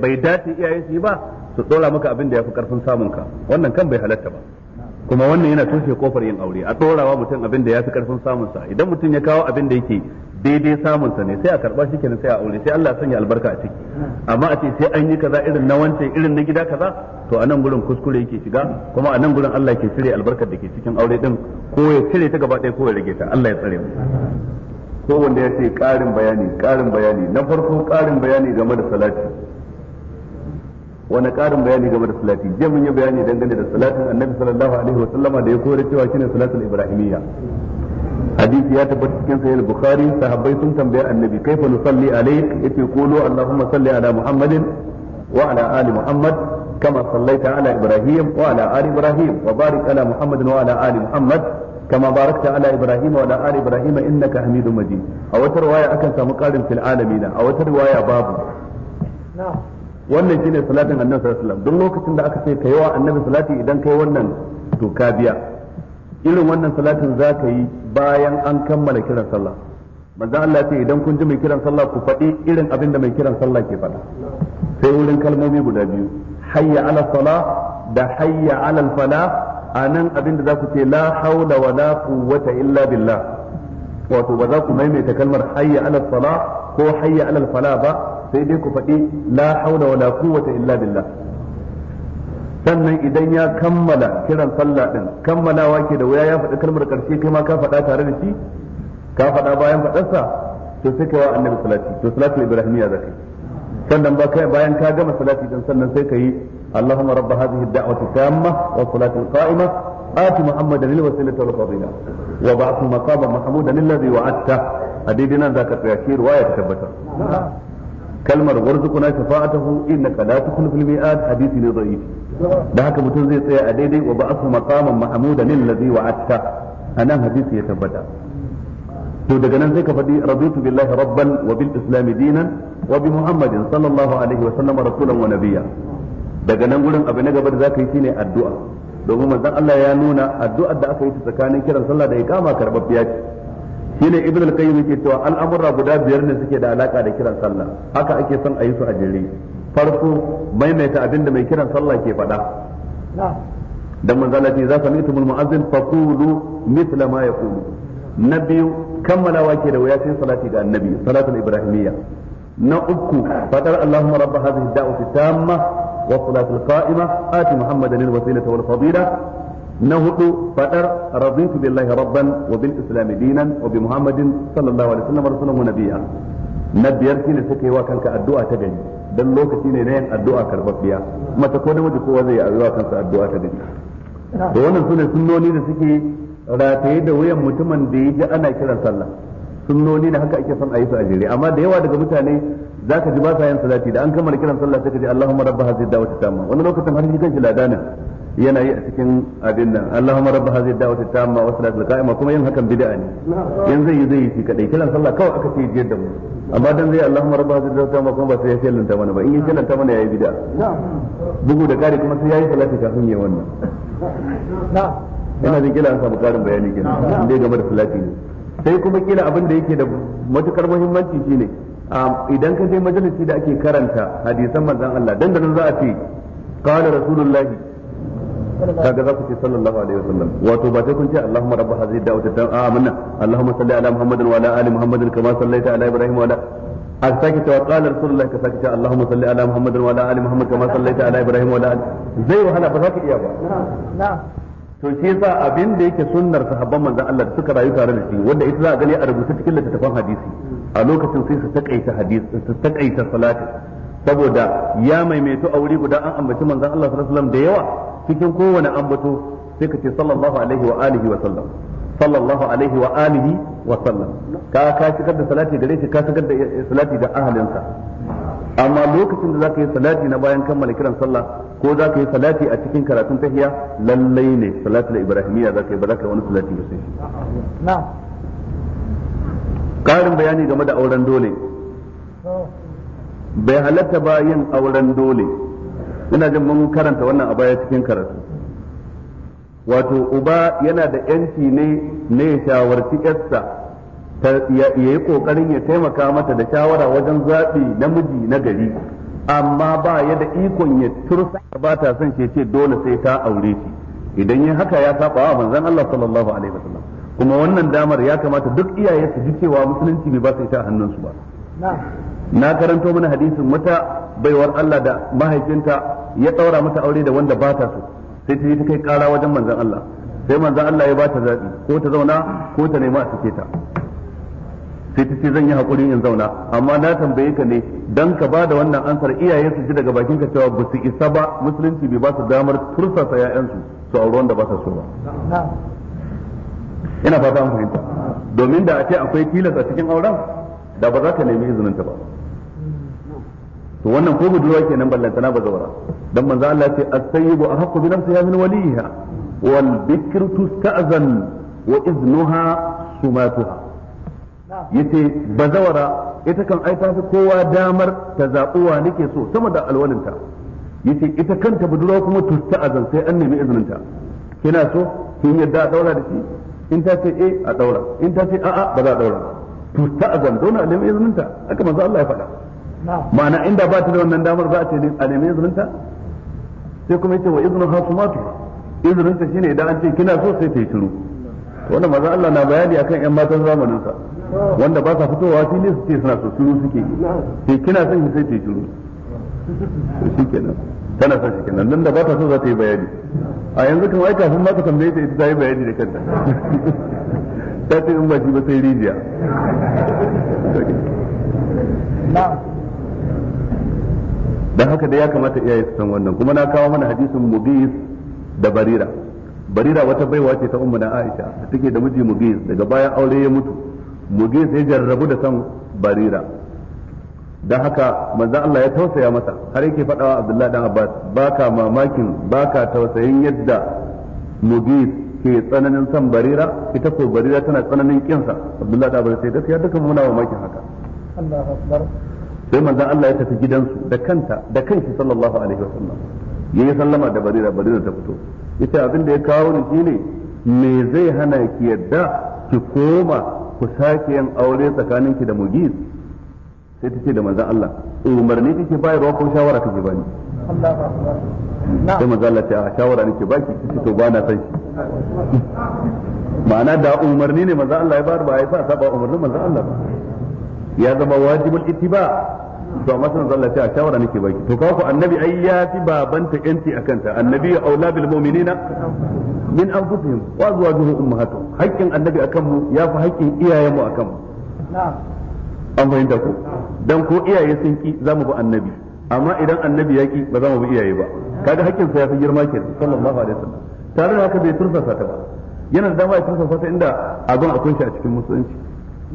bai dace iyayen su yi ba su dora maka abin da ya fi karfin samun ka wannan kan bai halatta ba kuma wannan yana tushe kofar yin aure a dorawa mutum abin da ya fi karfin samun idan mutum ya kawo abin da yake daidai samun ne sai a karba shi kenan sai a aure sai Allah sanya albarka a ciki amma a ce sai an yi kaza irin na wance irin na gida kaza to a nan gurin kuskure yake shiga kuma a nan gurin Allah ke cire albarkar da ke cikin aure din ko ya cire ta gaba ɗaya ko ya rage ta Allah ya tsare mu ko wanda ya ce ƙarin bayani ƙarin bayani na farko karin bayani game da salati wani karin bayani game da salati jiya mun yi bayani dangane da salatin annabi sallallahu alaihi wa sallama da ya kore cewa shine salatul ibrahimiyya hadisi ya tabbata cikin sahih bukhari sahabbai sun tambayi annabi kaifa nusalli alayk yace qulu allahumma salli ala muhammadin wa ala ali muhammad kama sallaita ala ibrahim wa ala ali ala muhammadin wa ala ali muhammad كما باركت على ابراهيم وعلى ال ابراهيم انك حميد مجيد او روايه اكن سامقارن في العالمين او روايه باب نعم wannan shine salatin annabi sallallahu alaihi duk lokacin da aka ce kai wa annabi salati idan kai wannan to ka biya irin wannan salatin za ka yi bayan an kammala kiran sallah manzo Allah ce idan kun ji mai kiran sallah ku faɗi irin abin da mai kiran sallah ke faɗa sai wurin kalmomi guda biyu hayya ala fala da hayya ala fala anan abin da za ku ce la haula wala quwwata illa billah wato ba za ku maimaita kalmar hayya alal sala ko hayya alal fala ba sai dai ku faɗi la haula wala quwwata illa billah sannan idan ya kammala kiran sallah din kammalawa ke da wuya ya faɗi kalmar ƙarshe kai ma ka faɗa tare da shi ka faɗa bayan faɗarsa to sai kai wa annabi salati to salatul ibrahimiyya zakai sannan ba kai bayan ka gama salati din sannan sai kai اللهم رب هذه الدعوة التامة والصلاة القائمة آت محمد للوسيلة والفضيلة وبعث مقاما محمودا الذي وعدته أديدنا ذاك في رواية تثبت kalmar warzuquna shafa'atahu innaka la tukhlifu al-mi'at hadisi ne da'ifi da haka mutum zai tsaya a daidai wa ba'athu maqaman mahmudan hadisi ya tabbata to daga nan sai ka faɗi raditu billahi rabban wa bil islam dinan wa bi muhammadin sallallahu alaihi wa sallam rasulan wa nabiyya daga nan gurin abu na gaba da zaka yi shine addu'a domin manzon Allah ya nuna addu'ar da aka yi ta tsakanin kiran sallah da iqama karbabbiya Shi ne ibn al-qayyim yake cewa al'amurra guda biyar ne suke da alaka da kiran sallah haka ake son a yi su a jere farko maimaita abin da mai kiran sallah ke faɗa dan manzon Allah ce za ka mutu mul mu'azzin faqulu mithla ma yaqulu na biyu kammalawa ke da waya sai salati ga annabi salatul ibrahimiyya na uku fadar allahumma rabb hadhihi da'wati tamma والصلاة القائمة آت محمدا الوسيلة والفضيلة نهض فدر رضيت بالله ربا وبالإسلام دينا وبمحمد صلى الله عليه وسلم رسولا ونبيا نبيار شيء سكي وكانك الدعاء تدعي dan lokaci ne na yin addu'a karɓaɓɓiya mata ko namiji kowa zai yi wa kansa addu'a ta dinka da wannan sune sunnoni da suke rataye da wuyan mutumin da ya ji ana kiran sallah sunnoni da haka ake son a yi su a jere amma da yawa daga mutane ka ji ba sa yin salati da an kammala kiran sallah sai ka ji Allahumma rabb hadhihi da'wati tamma wani lokacin har shi kanshi ladanin yana yi a cikin abin nan Allahumma rabb hadhihi da'wati tamma wa salatul qa'ima kuma yin hakan bid'a ne yanzu zai yi zai yi shi kadai kiran sallah kawai aka ce jiyar da mu amma dan zai Allahumma rabb hadhihi da'wati tamma kuma ba sai ya shallanta mana ba in ya shallanta mana yayi bid'a bugu da kare kuma sai yayi salati kafin ya wannan ina jin kila an samu karin bayani kenan inda game da salati ne sai kuma kila abin da yake da matukar muhimmanci shine um, idan ka je majalisi da ake karanta hadisan manzon Allah dan da nan za a ce qala rasulullahi kaga za ku ce sallallahu alaihi wasallam wato ba sai kun ce allahumma rabb hadhihi da'wati tam ah, amanna allahumma salli ala muhammadin wa ala ali muhammadin kama sallaita ala ibrahim wa ala a sake cewa qala rasulullahi ka sake cewa allahumma salli ala muhammadin wa ala ali muhammad kama sallaita ala ibrahim wa ala zai wahala ba za ka iya ba na'am to shi yasa abin da yake sunnar sahabban manzon Allah da suka rayu tare da shi wanda ita za a gani a rubuce cikin littattafan hadisi a lokacin sai su takaita hadisi su takaita salati saboda ya maimaito a wuri guda an ambaci manzon Allah sallallahu alaihi wasallam da yawa cikin kowane ambato sai ka ce sallallahu alaihi wa alihi wa sallam sallallahu alaihi wa alihi wa sallam ka ka shigar da salati gare shi ka shigar da salati da ahalinsa amma lokacin da za ka yi salati na bayan kammala kiran sallah ko za ka yi salati a cikin karatun tahiya lallai ne salatul ibrahimiyya za ka yi ba za ka yi wani salati ba sai shi. karin bayani game da auren dole bai halatta ba yin auren dole ina jin mun karanta wannan a baya cikin karatu wato uba yana da yanci ne ne shawarci yarsa ya yi kokarin ya taimaka mata da shawara wajen zaɓi namiji na gari amma ba ya da ikon ya tursa ba ta son shi ce dole sai ta aure shi idan yin haka ya saba wa manzon Allah sallallahu alaihi wasallam kuma wannan damar ya kamata duk iyaye su ji cewa musulunci bai ba sai ita hannun hannunsu ba na karanto mana hadisin wata baiwar Allah da mahaifinta ya daura mata aure da wanda ba ta so sai ta yi ta kai kara wajen manzon Allah sai manzon Allah ya ba ta zaɓi ko ta zauna ko ta nema a ta sai ta ce zan yi hakuri in zauna amma na tambaye ka ne dan ka bada wannan ansar iyaye su ji daga bakin ka cewa ba su isa ba musulunci bai ba su damar tursasa ƴaƴansu su auri wanda ba sa so ba ina fata an fahimta domin da a ce akwai tilas a cikin auren da ba za ka nemi izinin ta ba to wannan ko budurwa kenan ballantana ba zaura. dan manzo Allah ya ce as-sayyibu ahqqu bi nafsiha min waliha wal bikru tusta'zan wa iznuha sumatuha yace bazawara ita kan ai tafi kowa damar ta zaɓi wa nake so sama da alwalinta yace ita kanta budurwa kuma tusta azan sai an nemi izininta kina so kin yadda a daura da shi in ta ce eh a daura in ta ce a'a ba za a daura tusta azan don a nemi izininta haka manzo Allah ya faɗa ma'ana inda ba ta da wannan damar za a ce a nemi izininta sai kuma yace wa iznu hasumatu izininta shine idan an ce kina so sai ta yi shiru wanda maza Allah na bayani akan yan matan zamanin sa wanda ba sa fitowa fili su ce suna sosuru suke ke kina son shi sai ta shiru shi kenan tana son shi kenan nan da ba ta so za ta yi bayani a yanzu kan ai kafin ma ta tambaye ta ita ta yi bayani da kanta ta ce in ba shi ba sai rijiya dan haka dai ya kamata iyaye su san wannan kuma na kawo mana hadisin mubis da barira barira wata baiwa ce ta umma na aisha da take da miji mugiz daga bayan aure ya mutu mugiz ya jarrabu da san barira dan haka manzo Allah ya tausaya masa har yake faɗawa Abdullahi dan Abbas baka mamakin baka tausayin yadda mugiz ke tsananin san barira ita ko barira tana tsananin kinsa Abdullahi dan Abbas sai gaskiya duka muna mamakin haka Allahu akbar sai manzo Allah ya tafi gidansu da kanta da kanshi sallallahu alaihi wasallam yayi sallama da barira barira ta fito yace abin da ya kawo ni shine me zai hana ki yadda ki koma ku sake yin aure tsakaninki da mugiz sai tace da manzon Allah umarni kike bayarwa ko shawara kike bani sai manzon Allah ta shawara nake baki kike to ba na san shi ma'ana da umarni ne manzon Allah ya bayar ba ya sa ba umarnin manzon Allah ba ya zama wajibul ittiba to amma sun zalla ta shawara nake baki to kawo annabi ai ya fi babanta yanci akan ta annabi ya aula bil mu'minina min anfusihim wa azwajuhum ummahatuhum haƙƙin annabi akan mu ya fi haƙƙin iyayen mu akan mu an fahimta ko dan ko iyaye sun ki za mu bi annabi amma idan annabi ya ki ba za mu bi iyaye ba kaga haƙƙin sa ya fi girma ke sallallahu alaihi wasallam tare da haka bai tursasa ta ba yana da dama ya tursasa ta inda abin akwai shi a cikin musulunci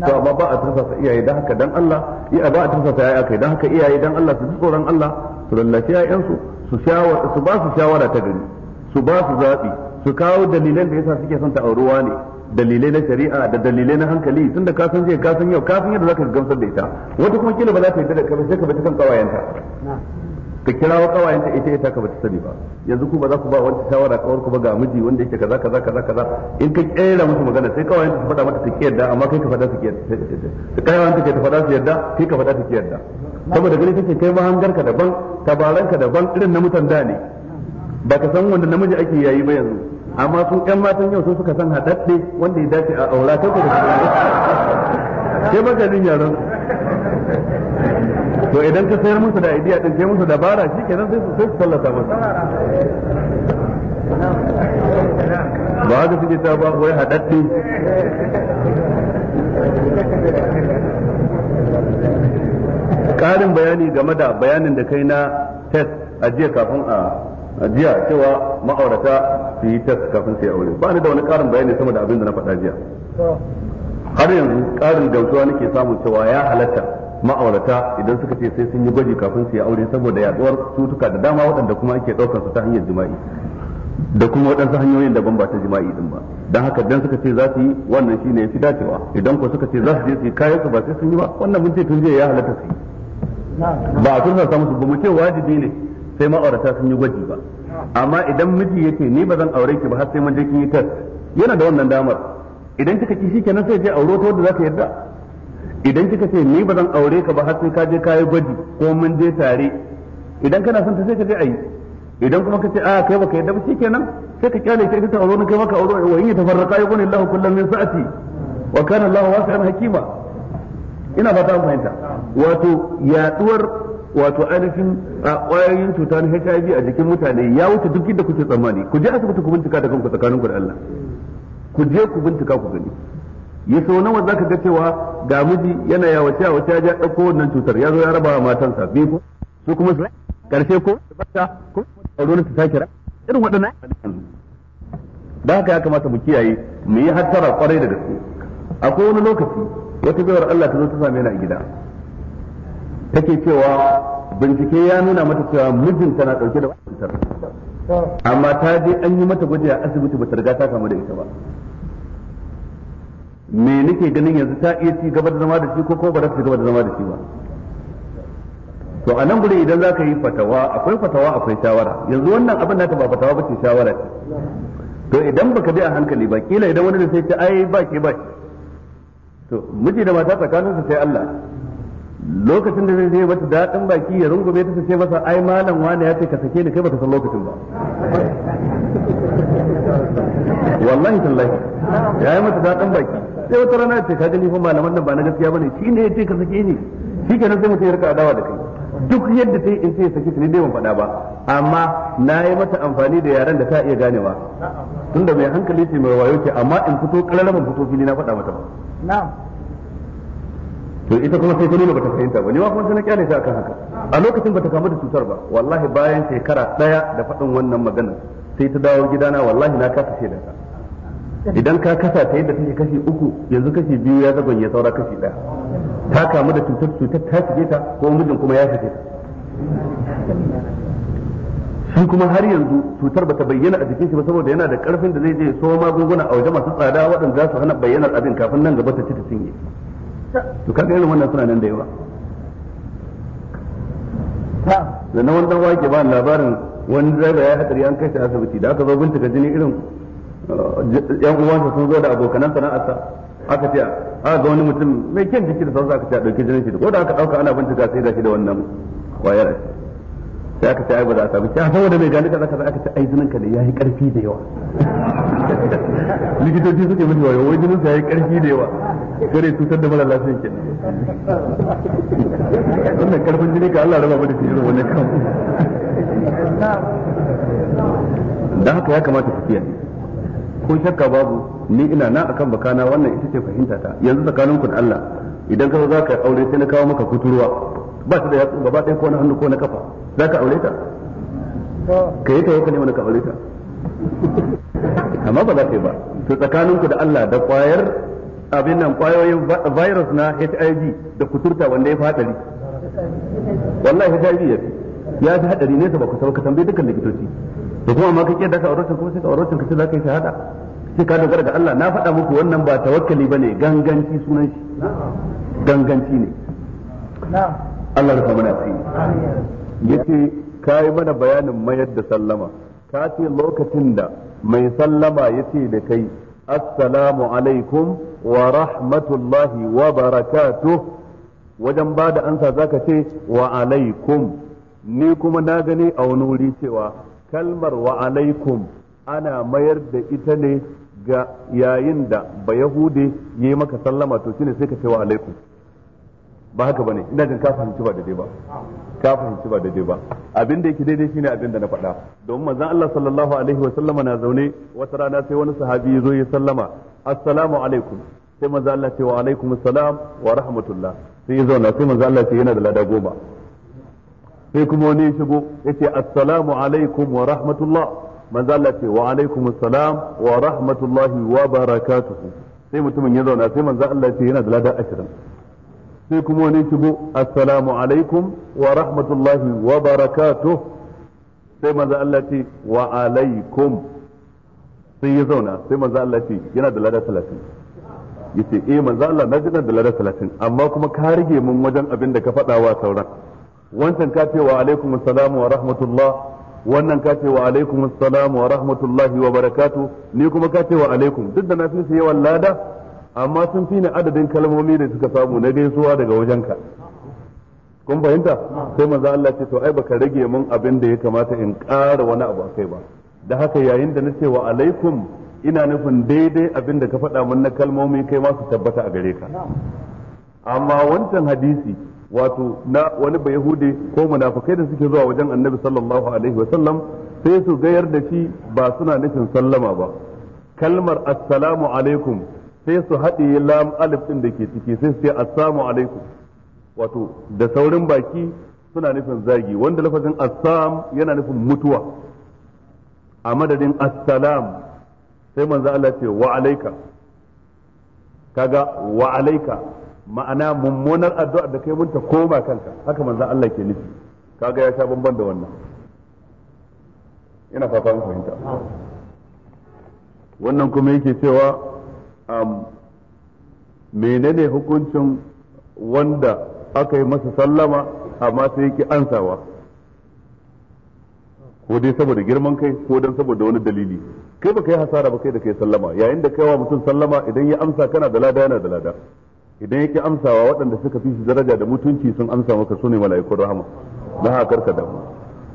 to amma ba a tursasa iyaye dan haka dan Allah iya ba a tursasa yaya ka dan haka iyaye dan Allah su ji tsoron Allah su lallashi ƴaƴansu su shawara su ba su shawara ta gari su ba su zabi su kawo dalilan da yasa suke son ta auruwa ne dalilai na shari'a da dalilai na hankali tunda ka san jiya ka san yau ka san yadda zaka gamsar da ita wata kuma kila ba za ta yarda da kai sai ka bi ta kan kawayenta wa kirawo kawayenta ita ita ka bata sani ba yanzu ku ba za ku ba wani shawara kawar ku ba ga miji wanda yake kaza kaza kaza kaza in ka kera musu magana sai kawayenta ta faɗa mata ta yadda amma kai ka faɗa ta kiyarda ta kawayenta ta faɗa su yarda kai ka faɗa take kiyarda saboda gani take kai mahangar ka daban tabaran ka daban irin na mutan da ne ba ka san wanda namiji ake yayi ba yanzu amma sun ƴan matan yau su suka san haɗaɗɗe wanda ya dace a aura kai ku da kai ba yaron. yaran to idan ka sayar musu da idiya din sai musu dabara shi kenan sai su sai su sallata musu ba haka suke ta ba wai haɗaɗɗe Karin bayani game da bayanin da kai na test a jiya kafin a jiya cewa ma'aurata su yi test kafin su yi aure ba ni da wani ƙarin bayani sama da abin da na faɗa jiya har yanzu ƙarin gamsuwa nake samun cewa ya halatta ma'aurata idan suka ce sai sun yi gwaji kafin su yi aure saboda yaduwar cutuka da dama waɗanda kuma ake ɗaukar su ta hanyar jima'i da kuma waɗansu hanyoyin daban ba ta jima'i din ba dan haka dan suka ce za su yi wannan shine yafi dacewa idan ko suka ce za su je su yi kayan su ba sai sun yi ba wannan mun ce tun jiya ya halatta su yi ba a tursa samu su ba mu ce wajibi ne sai ma'aurata sun yi gwaji ba amma idan miji yake ni ba zan aure ki ba har sai mun je kin yi test yana da wannan damar idan kika ki shikenan sai je auro ta wanda za ka yarda idan kika ce ni ba zan aure ka ba har sai ka je ka yi gwaji ko mun je tare idan kana son ta sai ka je ayi idan kuma ka ce a ah, kai baka yadda ba shikenan sai ka kyale ta ita ta aure kai maka aure wa in tafarraqa yakun Allahu kullam min sa'ati wa kana Allahu wasi'an hakima ina ba ta fahimta wato yaduwar wato ainihin ƙwayoyin cuta na HIV a jikin mutane ya wuce duk inda kuke tsammani ku je asibiti ku bincika da kanku tsakanin ku da Allah ku je ku bincika ku gani ya so nawa za ka ga cewa ga miji yana cewa wacce ya ko wannan cutar ya zo ya raba matansa biyu ko su kuma su karshe ko bata ko su ta sake ra irin waɗannan da haka ya kamata mu kiyaye mu yi hattara kwarai da gaske akwai wani lokaci wata bayar Allah ta zo ta same ni a gida take cewa bincike ya nuna mata cewa mijinta na ɗauke da cutar amma ta je an yi mata gwaji a asibiti ba ta riga ta kamu da ita ba me nake ganin yanzu ta iya ci gaba da zama da shi ko ko ba za ta ci gaba da zama da shi ba to a nan gure idan za ka yi fatawa akwai fatawa akwai shawara yanzu wannan abin nata ba fatawa ba ce shawara ce to idan baka bi a hankali ba kila idan wani da sai ta ai ba ke ba to miji da mata su sai Allah lokacin da zai je mata daɗin baki ya rungume ta sai masa ai malam wani ya ce ka sake ni kai baka san lokacin ba wallahi tallahi ya yi mata daɗin baki sai wata rana ce ka gani fa malaman nan ba na gaskiya bane shi ne yace ka sake ni shi kenan sai mutum ya rika adawa da kai duk yadda ta yi in sai saki ne bai ban faɗa ba amma na yi mata amfani da yaren da ta iya ganewa tunda mai hankali ce mai wayo ce amma in fito kararraban fito fili na faɗa mata ba na'am to ita kuma sai ta nuna bata fahimta ba ni ma kuma sai na kyale ta akan haka a lokacin bata kama da cutar ba wallahi bayan shekara daya da faɗin wannan magana sai ta dawo gidana wallahi na kasa shaidata. idan ka kasa ta yadda take kashi uku yanzu kashi biyu ya zagon ya saura kashi ɗaya. ta kamu da cutar cutar ta shige ta ko mijin kuma ya shige ta shi kuma har yanzu cutar bata bayyana a jikin shi ba saboda yana da karfin da zai je so magunguna a waje masu tsada waɗanda za su hana bayyanar abin kafin nan gaba ta ci ta cinye to kaga irin wannan suna nan da yawa da na wannan wake ba labarin wani driver ya hatsari an kai shi asibiti da aka zo bintika jini irin yan uwansa sun zo da abokanan sana'arsa aka ce a ga wani mutum mai kyan jiki da sauransu aka ce a ɗauki jinin shi ko da aka ɗauka ana bincika sai gashi da wannan kwayar sai aka ce ai ba za a samu ya saboda mai gani kaza kaza aka ce ai jinin ka ne yayi karfi da yawa likitoci suke mutu wayo wai jinin sa yayi karfi da yawa kare cutar da mara lafiyan kenan wannan karfin jini ka Allah raba da shi irin wannan kan da haka ya kamata ku kiyaye ko shakka babu ni ina na akan bakana wannan ita ce fahimta ta yanzu tsakanin ku da Allah idan ka za ka aure sai na kawo maka kuturwa ba ta da yatsu gaba ɗaya ko na hannu ko na kafa za ka aure ta ka yi ta yi ka aure ta amma ba za ka yi ba to tsakanin ku da Allah da kwayar abin nan kwayoyin virus na HIV da kuturta wanda ya fi hadari wallahi HIV ya fi ya fi hadari ne ba ku ba ka tambayi dukkan likitoci da kuma amma kake daka ka auratan kuma sai ka auratan ka za ka yi shahada sai ka dogara ga Allah na faɗa muku wannan ba tawakkali bane ganganci sunan shi ganganci ne Allah rufa mana tsini yace kai mana bayanin mayar da sallama ka ce lokacin da mai sallama yace da kai assalamu alaikum wa rahmatullahi wa barakatuh wajen ba da ansa zaka ce wa alaikum ni kuma na gani a wani wuri cewa kalmar wa alaikum ana mayar da ita ne ga yayin da ba yahude yi maka sallama to shine sai ka ce wa alaikum ba haka bane ina jin ka fahimci ba daidai ba ka fahimci ba daidai ba abin da yake daidai shine abin da na faɗa domin manzon Allah sallallahu alaihi wa sallama na zaune wata rana sai wani sahabi ya zo ya sallama assalamu alaikum sai manzon Allah ce wa alaikum assalam wa rahmatullah sai ya zauna sai manzon Allah ce yana da lada goma sai kuma wani ya shigo yace assalamu alaikum wa rahmatullah manzo Allah ce wa alaikum assalam wa rahmatullahi wa barakatuhu sai mutumin ya zauna sai manzo Allah ce yana da ladar ashirin. sai kuma wani ya shigo assalamu alaikum wa rahmatullahi wa barakatuh sai manzo Allah ce wa alaikum sai ya zauna sai manzo Allah ce yana da ladar 30 yace eh manzo Allah na ji da ladar 30 amma kuma ka rage mun wajen abin da ka faɗa wa sauran wancan ka ce wa alaikum assalam wa rahmatullah wannan ka ce wa alaikum assalam wa rahmatullahi wa barakatu ni kuma ka ce wa alaikum duk da na fi yawan lada amma sun fi ni adadin kalmomi da suka samu na gaisuwa daga wajenka kun fahimta sai manzo Allah ce to ai baka rage mun abin da ya kamata in ƙara wani abu akai ba da haka yayin da na ce wa alaikum ina nufin daidai abin da ka faɗa min na kalmomi kai ma su tabbata a gare ka amma wancan hadisi wato na wani ba yahudi ko munafikai da suke zuwa wajen annabi sallallahu alaihi wa sallam sai su gayar da shi ba suna nufin sallama ba kalmar assalamu alaikum sai su haɗe lam alif ɗin da ke ciki sai su ce assalamu alaikum wato da saurin baki suna nufin zagi wanda lafazin assam yana nufin mutuwa a madadin assalam sai manzo Allah ce wa alaika kaga wa alaika ma'ana mummunar addu'a da kai mun ta koma kanka haka manzon Allah ke nufi kaga ya sha bamban da wannan ina fata fahimta wannan kuma yake cewa menene hukuncin wanda aka yi masa sallama amma sai yake ansawa ko dai saboda girman kai ko dan saboda wani dalili kai baka yi hasara ba kai da kai sallama yayin da kai wa mutum sallama idan ya amsa kana da lada yana da lada idan yake amsawa waɗanda suka fi su daraja da mutunci sun amsa maka sune mala'ikun rahama na haka karka damu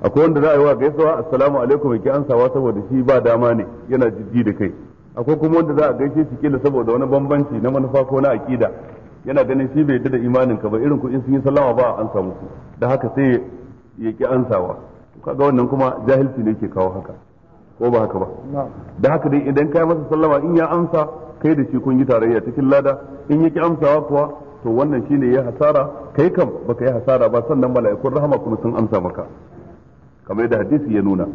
akwai wanda za a yi wa gaisuwa assalamu alaikum yake amsawa saboda shi ba dama ne yana jijji da kai akwai kuma wanda za a gaishe shi kila saboda wani bambanci na manufa ko na akida yana ganin shi bai da imanin ka ba irin ku in sun yi sallama ba a amsa muku da haka sai ya amsawa ansawa kaga wannan kuma jahilci ne ke kawo haka ko ba haka ba da haka dai idan kai masa sallama in ya amsa kai da shi kun yi tarayya cikin lada in yake amsawa kuwa to wannan shine ya hasara kai kam baka yi hasara ba sannan mala'ikun rahama kuma sun amsa maka kamar da hadisi ya nuna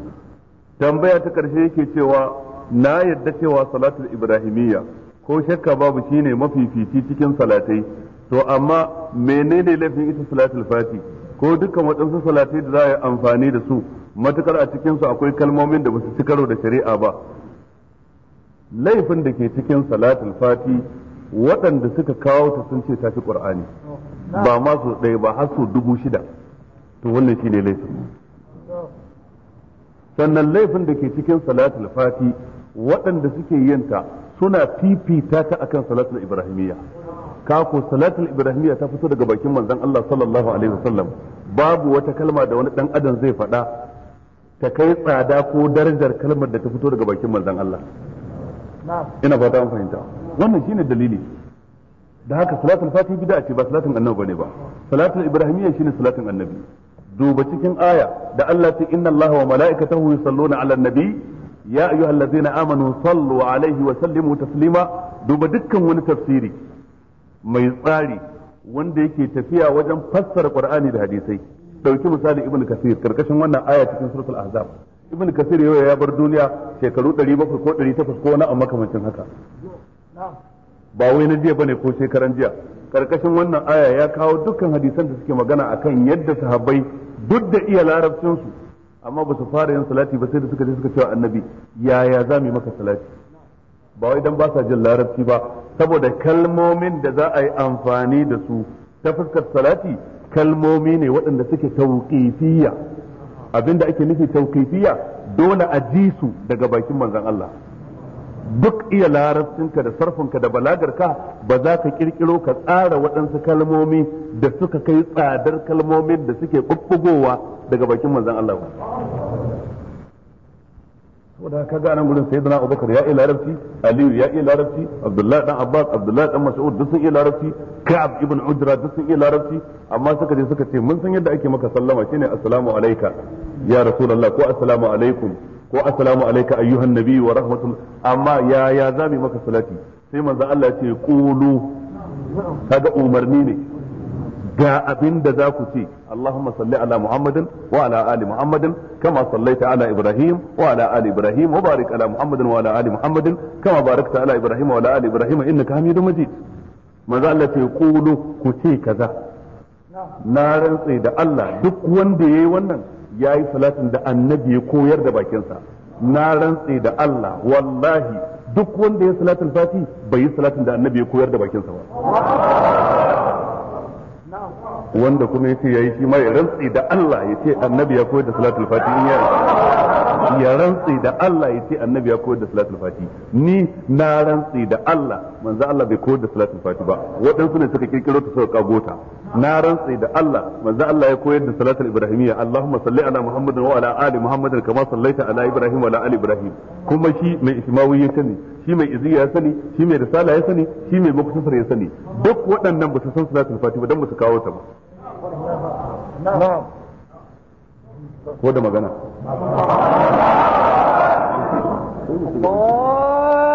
tambaya ta karshe yake cewa na yadda cewa salatul ibrahimiyya ko shakka babu shine mafi mafifici cikin salatai to amma menene laifin ita salatul fati ko dukkan waɗansu salatai da za a yi amfani da su matukar a cikinsu akwai kalmomin da basu ci da shari'a ba laifin da ke cikin salatul fati waɗanda suka kawo ta sun ce ta fi ƙur'ani ba ma su ɗaya ba har su dubu shida to wannan shine laifin sannan laifin da ke cikin salatul fati waɗanda suke yin ta suna fifita ta akan salatul ibrahimiyya kako salatul ibrahimiyya ta fito daga bakin manzon Allah sallallahu alaihi wasallam babu wata kalma da wani dan adam zai faɗa ta kai tsada ko darajar kalmar da ta fito daga bakin manzon Allah ina fata an fahimta wannan shine dalili da haka salatul fatih bid'a ce ba salatin annabi bane ba salatul ibrahimiyya shine salatin annabi duba cikin aya da Allah ta inna Allah wa mala'ikatahu yusalluna 'alan nabi ya ayyuhallazina amanu sallu 'alaihi wa sallimu taslima duba dukkan wani tafsiri mai tsari wanda yake tafiya wajen fassara Qur'ani da hadisai dauki misali ibn kasir karkashin wannan aya cikin suratul ahzab ibn kasir yau ya bar duniya shekaru 700 ko 800 ko wani amma kamancin haka ba wai na jiya bane ko shekaran jiya karkashin wannan aya ya kawo dukkan hadisan da suke magana akan yadda sahabbai duk da iya larabcin su amma ba su fara yin salati ba sai da suka je suka cewa annabi yaya za mu yi maka salati ba wai dan ba sa jin larabci ba saboda kalmomin da za a yi amfani da su ta fuskar salati kalmomi ne waɗanda suke tauƙifiya abinda ake nufi tauƙifiya dole a ji su daga bakin manzon Allah duk iya larabcinka da sarfinka da balagarka ba za ka kirkiro ka tsara waɗansu kalmomi da suka kai tsadar kalmomin da suke ɓuɓɓugowa daga bakin manzon Allah ba saboda ka ga nan gurin sayyidina Abubakar ya iya larabci Aliyu ya iya larabci Abdullahi dan Abbas Abdullahi dan Mas'ud duk sun iya larabci Ka'ab ibn Udra duk sun iya larabci amma suka je suka ce mun san yadda ake maka sallama shine assalamu alayka ya rasulullah ko assalamu alaikum ko assalamu alayka ayyuhan nabiy wa rahmatullah amma ya ya zabi maka salati sai manzo Allah ya ce qulu kaga umarni ne ga abin da za ku ce Allahumma salli ala Muhammadin wa ala ali Muhammadin kama sallaita ala Ibrahim wa ala ali Ibrahim wa barik ala Muhammadin wa ala ali Muhammadin kama barakta ala Ibrahim wa ala ali Ibrahim innaka Hamidum Majid manzo ku ce kaza na rantse da Allah duk wanda yayi wannan yayi salatin da annabi ya koyar da bakinsa na rantse da Allah wallahi duk wanda ya salatul fati bai yi salatin da annabi ya koyar da bakinsa ba wanda kuma yace yayi shi ma rantsi da Allah yace annabi ya koyar da salatul fatihi in ya rantsi da Allah yace annabi ya koyar da salatul fatihi ni na rantsi da Allah manzo Allah bai koyar da salatul fati ba waɗansu ne suka kirkiro ta suka kago ta na rantsi da Allah manzo Allah ya koyar da salatul ibrahimiyya Allahumma salli ala muhammadin wa ala ali muhammadin kama sallaita ala ibrahim wa ala ali ibrahim kuma shi mai ismawi ya sani shi mai iziya ya sani shi mai risala ya sani shi mai muktasar ya sani duk waɗannan ba su san salatul fati ba dan ba su kawo ta ba ko da magana